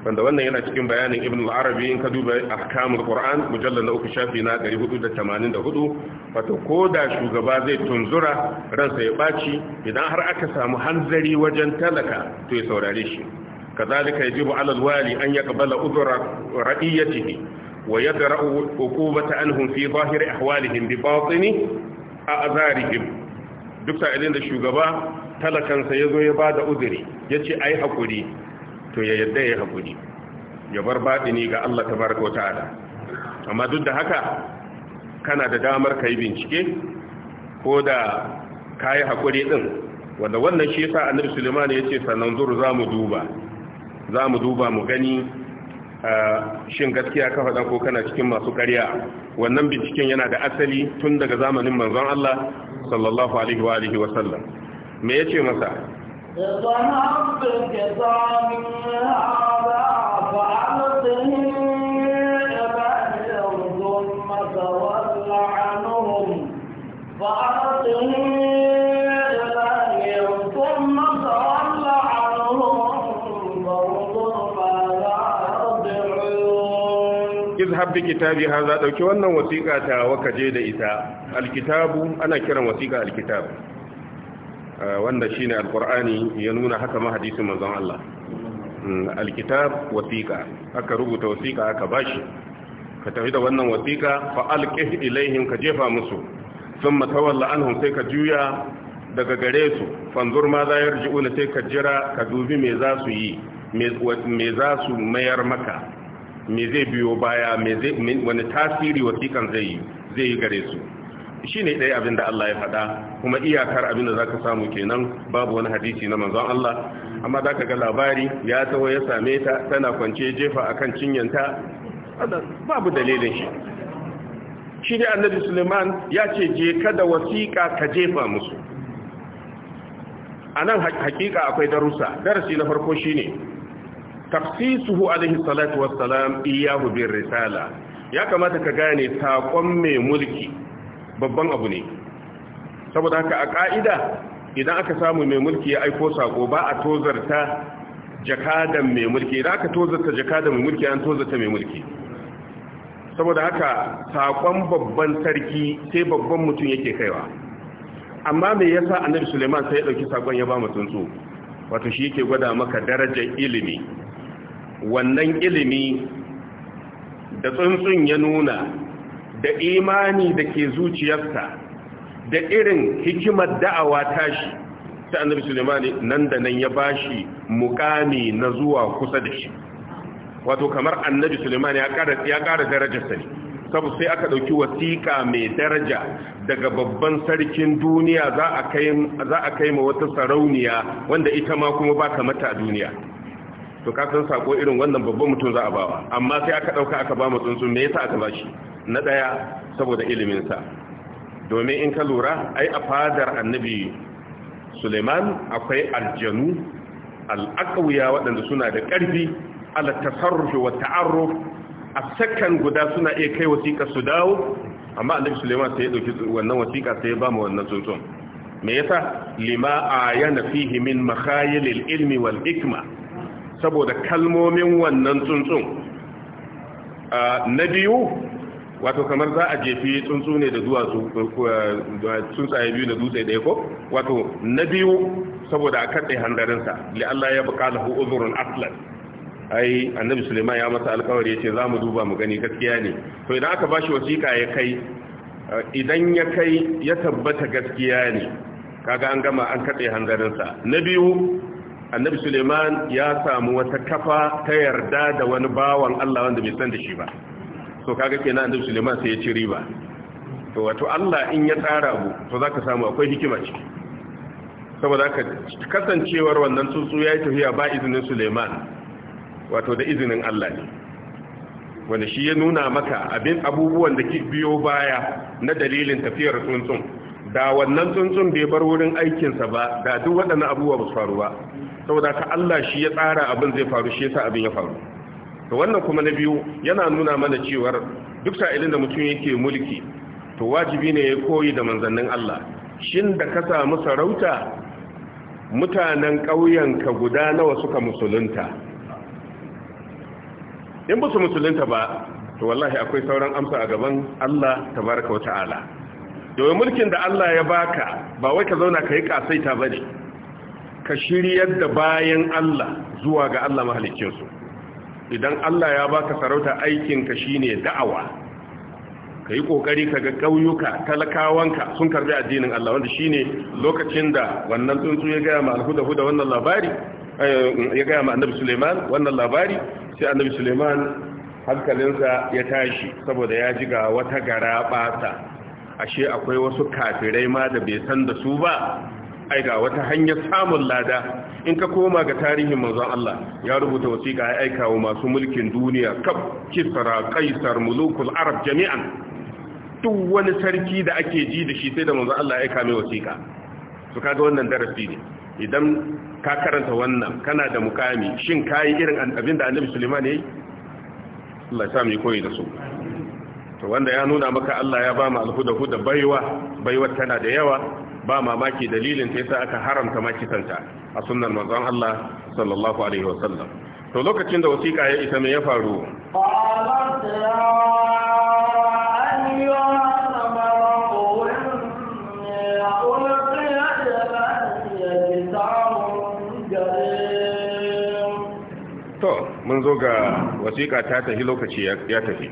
wanda wannan yana cikin bayanin ibn al-arabi in ka duba ahkamul qur'an mujallal na uku shafi na 484 wato ko da shugaba zai tunzura ransa ya baci idan har aka samu hanzari wajen talaka to ya saurare shi كذلك يجب على الوالي أن يقبل أذر رئيته ويدرأ عقوبة عنهم في ظاهر أحوالهم بباطن أعذارهم duk sa'ilin da shugaba talakansa ya zo ya ba da uzuri ya ce ai haƙuri to ya yadda ya haƙuri ya bar baɗini ga Allah ta baraka wa ta'ala amma duk da haka kana da damar ka yi bincike ko da ka yi haƙuri ɗin wanda wannan shi yasa annabi suleiman ya ce sannan zuru za mu duba za mu duba mu gani shin gaskiya ka faɗa ko kana cikin masu ƙarya wannan binciken yana da asali tun daga zamanin manzon Allah sallallahu alaihi wa alihi wa sallam me yace masa ya zama abin ka zami ha ba bi kitabi haza dauki wannan wasiƙa ta waka je da ita alkitabu ana kiran wasiƙa alkitabu ah, wanda shine alqur'ani ya nuna haka ma hadisin manzon Allah hmm, alkitab wasiƙa aka rubuta wasiƙa aka bashi ka tafi da wannan wasiƙa fa alqih ilaihim ka jefa musu thumma tawalla anhum sai ka juya daga gare su fanzur ma za yarji'una sai ka jira ka dubi me za su yi me za su mayar maka me zai biyo baya wani tasiri wasikan zai yi zai yi gare su shi ne ɗaya abin Allah ya faɗa kuma iyakar abinda da za ka samu kenan babu wani hadisi na manzon Allah amma za ka ga labari ya taho ya same ta tana kwance jefa a kan cinyanta babu dalilin shi shi ne annabi suleiman ya ce je kada wasiƙa ka jefa musu a nan hakika akwai darussa darasi na farko shi ne tafsisuhu alaihi salatu wassalam iyahu bir risala ya kamata ka gane saƙon mai mulki babban abu ne saboda haka a ƙa'ida idan aka samu mai mulki ya aiko saƙo ba a tozarta jakadan mai mulki idan aka tozarta jakadan mai mulki an tozarta mai mulki saboda haka saƙon babban sarki sai babban mutum yake kaiwa amma me yasa annabi suleiman sai ya ɗauki saƙon ya ba mutuntu wato shi yake gwada maka darajar ilimi wannan ilimi da tsuntsun ya nuna da imani da ke zuciyarsa da irin hikimar da'awa tashi ta annabi Sulemani nan da nan ya bashi mukami na zuwa kusa da shi wato kamar annabi Sulemani ya ƙara darajarsa ne sabu sai aka ɗauki wasiƙa mai daraja daga babban sarkin duniya za a kai ma wata sarauniya wanda ita ma kuma ba mata a duniya to kasan sako irin wannan babban mutum za a bawa amma sai aka ɗauka aka ba tsuntsu me yasa aka bashi. na ɗaya saboda iliminsa domin in ka lura ai a fadar annabi suleiman akwai aljanu al-aqwiya waɗanda suna da ƙarfi ala tasarruf wa ta'arruf a sakan guda suna iya kai wasiƙa su dawo amma annabi Sulaiman sai ya dauki wannan wasiƙa sai ya ba mu wannan tsoton me yasa lima ayana fihi min makhayilil ilmi wal hikma saboda kalmomin wannan tsuntsun na biyu wato kamar za a jefi tsuntsu ne da duwatsu tsuntsaye biyu da dutse ɗaya ko wato na biyu saboda a kaɗe handarinsa li Allah ya buƙa lahu uzurun ai annabi suleiman ya masa alkawari ya ce za mu duba mu gani gaskiya ne to idan aka ba shi wasiƙa ya kai idan ya kai ya tabbata gaskiya ne kaga an gama an katse hanzarinsa na biyu annabi suleiman ya samu wata kafa ta yarda da wani bawan allah wanda bai san da shi ba so kaga kenan annabi suleiman sai ya ci riba to wato allah in ya tsara abu to za ka samu akwai hikima ce saboda kasancewar wannan tsuntsu ya yi tafiya ba izinin suleiman wato da izinin Allah ne wanda shi ya nuna maka abin abubuwan da ke biyo baya na dalilin tafiyar tsuntsun da wannan tsuntsun bai bar wurin aikinsa ba da duk waɗannan abubuwa ba su faru ba saboda ka Allah shi ya tsara abin zai faru shi yasa abin ya faru to wannan kuma na biyu yana nuna mana cewa duk sa'ilin da mutum yake mulki to wajibi ne ya koyi da manzannin Allah shin da ka samu sarauta mutanen ƙauyenka guda nawa suka musulunta in ba su musulunta ba to wallahi akwai sauran amsa a gaban Allah tabaraka wa ta'ala domin mulkin da Allah ya baka ba wai ka zauna ka yi kasaita ba ne ka shiryar da bayan Allah zuwa ga Allah su. idan Allah ya baka sarauta aikinka shine da'awa ka yi ƙoƙari ka ga ƙauyuka talakawanka sun karbi addinin Allah wanda shine lokacin da wannan tsuntsu ya gaya ma alhuda-huda wannan labari ya gaya ma annabi suleiman wannan labari sai annabi suleiman hankalinsa ya tashi saboda ya ji ga wata gara bata ashe akwai wasu kafirai ma da bai san da su ba ai ga wata hanyar samun lada in ka koma ga tarihin manzon Allah ya rubuta wasiƙa ya aika wa masu mulkin duniya kaf kisra kaisar mulukul arab jami'an duk wani sarki da ake ji da shi sai da manzon Allah ya aika mai wasiƙa su kaga wannan darasi ne idan ka karanta wannan kana da mukami shin kayi irin abin da annabi Suleiman yayi Allah ya sa koyi da su to wanda ya nuna maka Allah ya ba mu alhuda huda baiwa baiwa tana da yawa ba mamaki dalilin ta yasa aka haramta makisanta a sunnar manzon Allah sallallahu alaihi wasallam to lokacin da wasiƙa ya isa me ya faru sun zo ga wasiƙa ta tafi lokaci ya tafi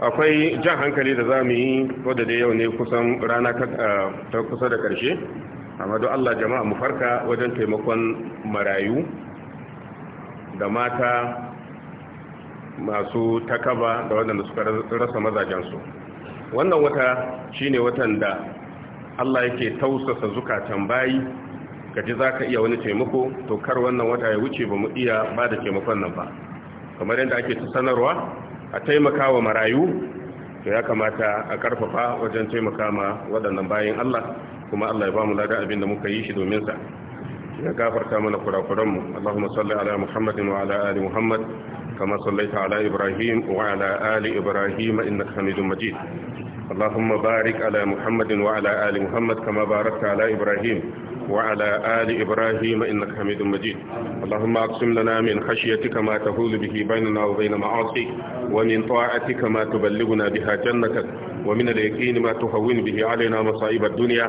akwai jan hankali da za mu yi wadda da yau ne kusan rana ta kusa da ƙarshe amma don allah jama'a mu farka wajen taimakon marayu da mata masu takaba da waɗanda suka rasa mazajensu wannan wata shine watan da allah yake tausasa zukatan bayi ka ji za ka iya wani taimako to kar wannan wata ya wuce ba mu iya ba da taimakon nan ba kamar yadda ake ta sanarwa a taimaka wa marayu to ya kamata a karfafa wajen taimaka ma waɗannan bayan Allah kuma Allah ya ba mu lada abin da muka yi shi domin sa ya gafarta mana kurakuranmu Allahumma salli ala Muhammadin wa ala ali Muhammad kama sallaita ala Ibrahim wa ala ali Ibrahim innaka Hamidum Majid اللهم بارك على محمد وعلى آل محمد كما باركت على إبراهيم وعلى آل إبراهيم إنك حميد مجيد اللهم أقسم لنا من خشيتك ما تهول به بيننا وبين معاصيك ومن طاعتك ما تبلغنا بها جنتك ومن اليقين ما تهون به علينا مصائب الدنيا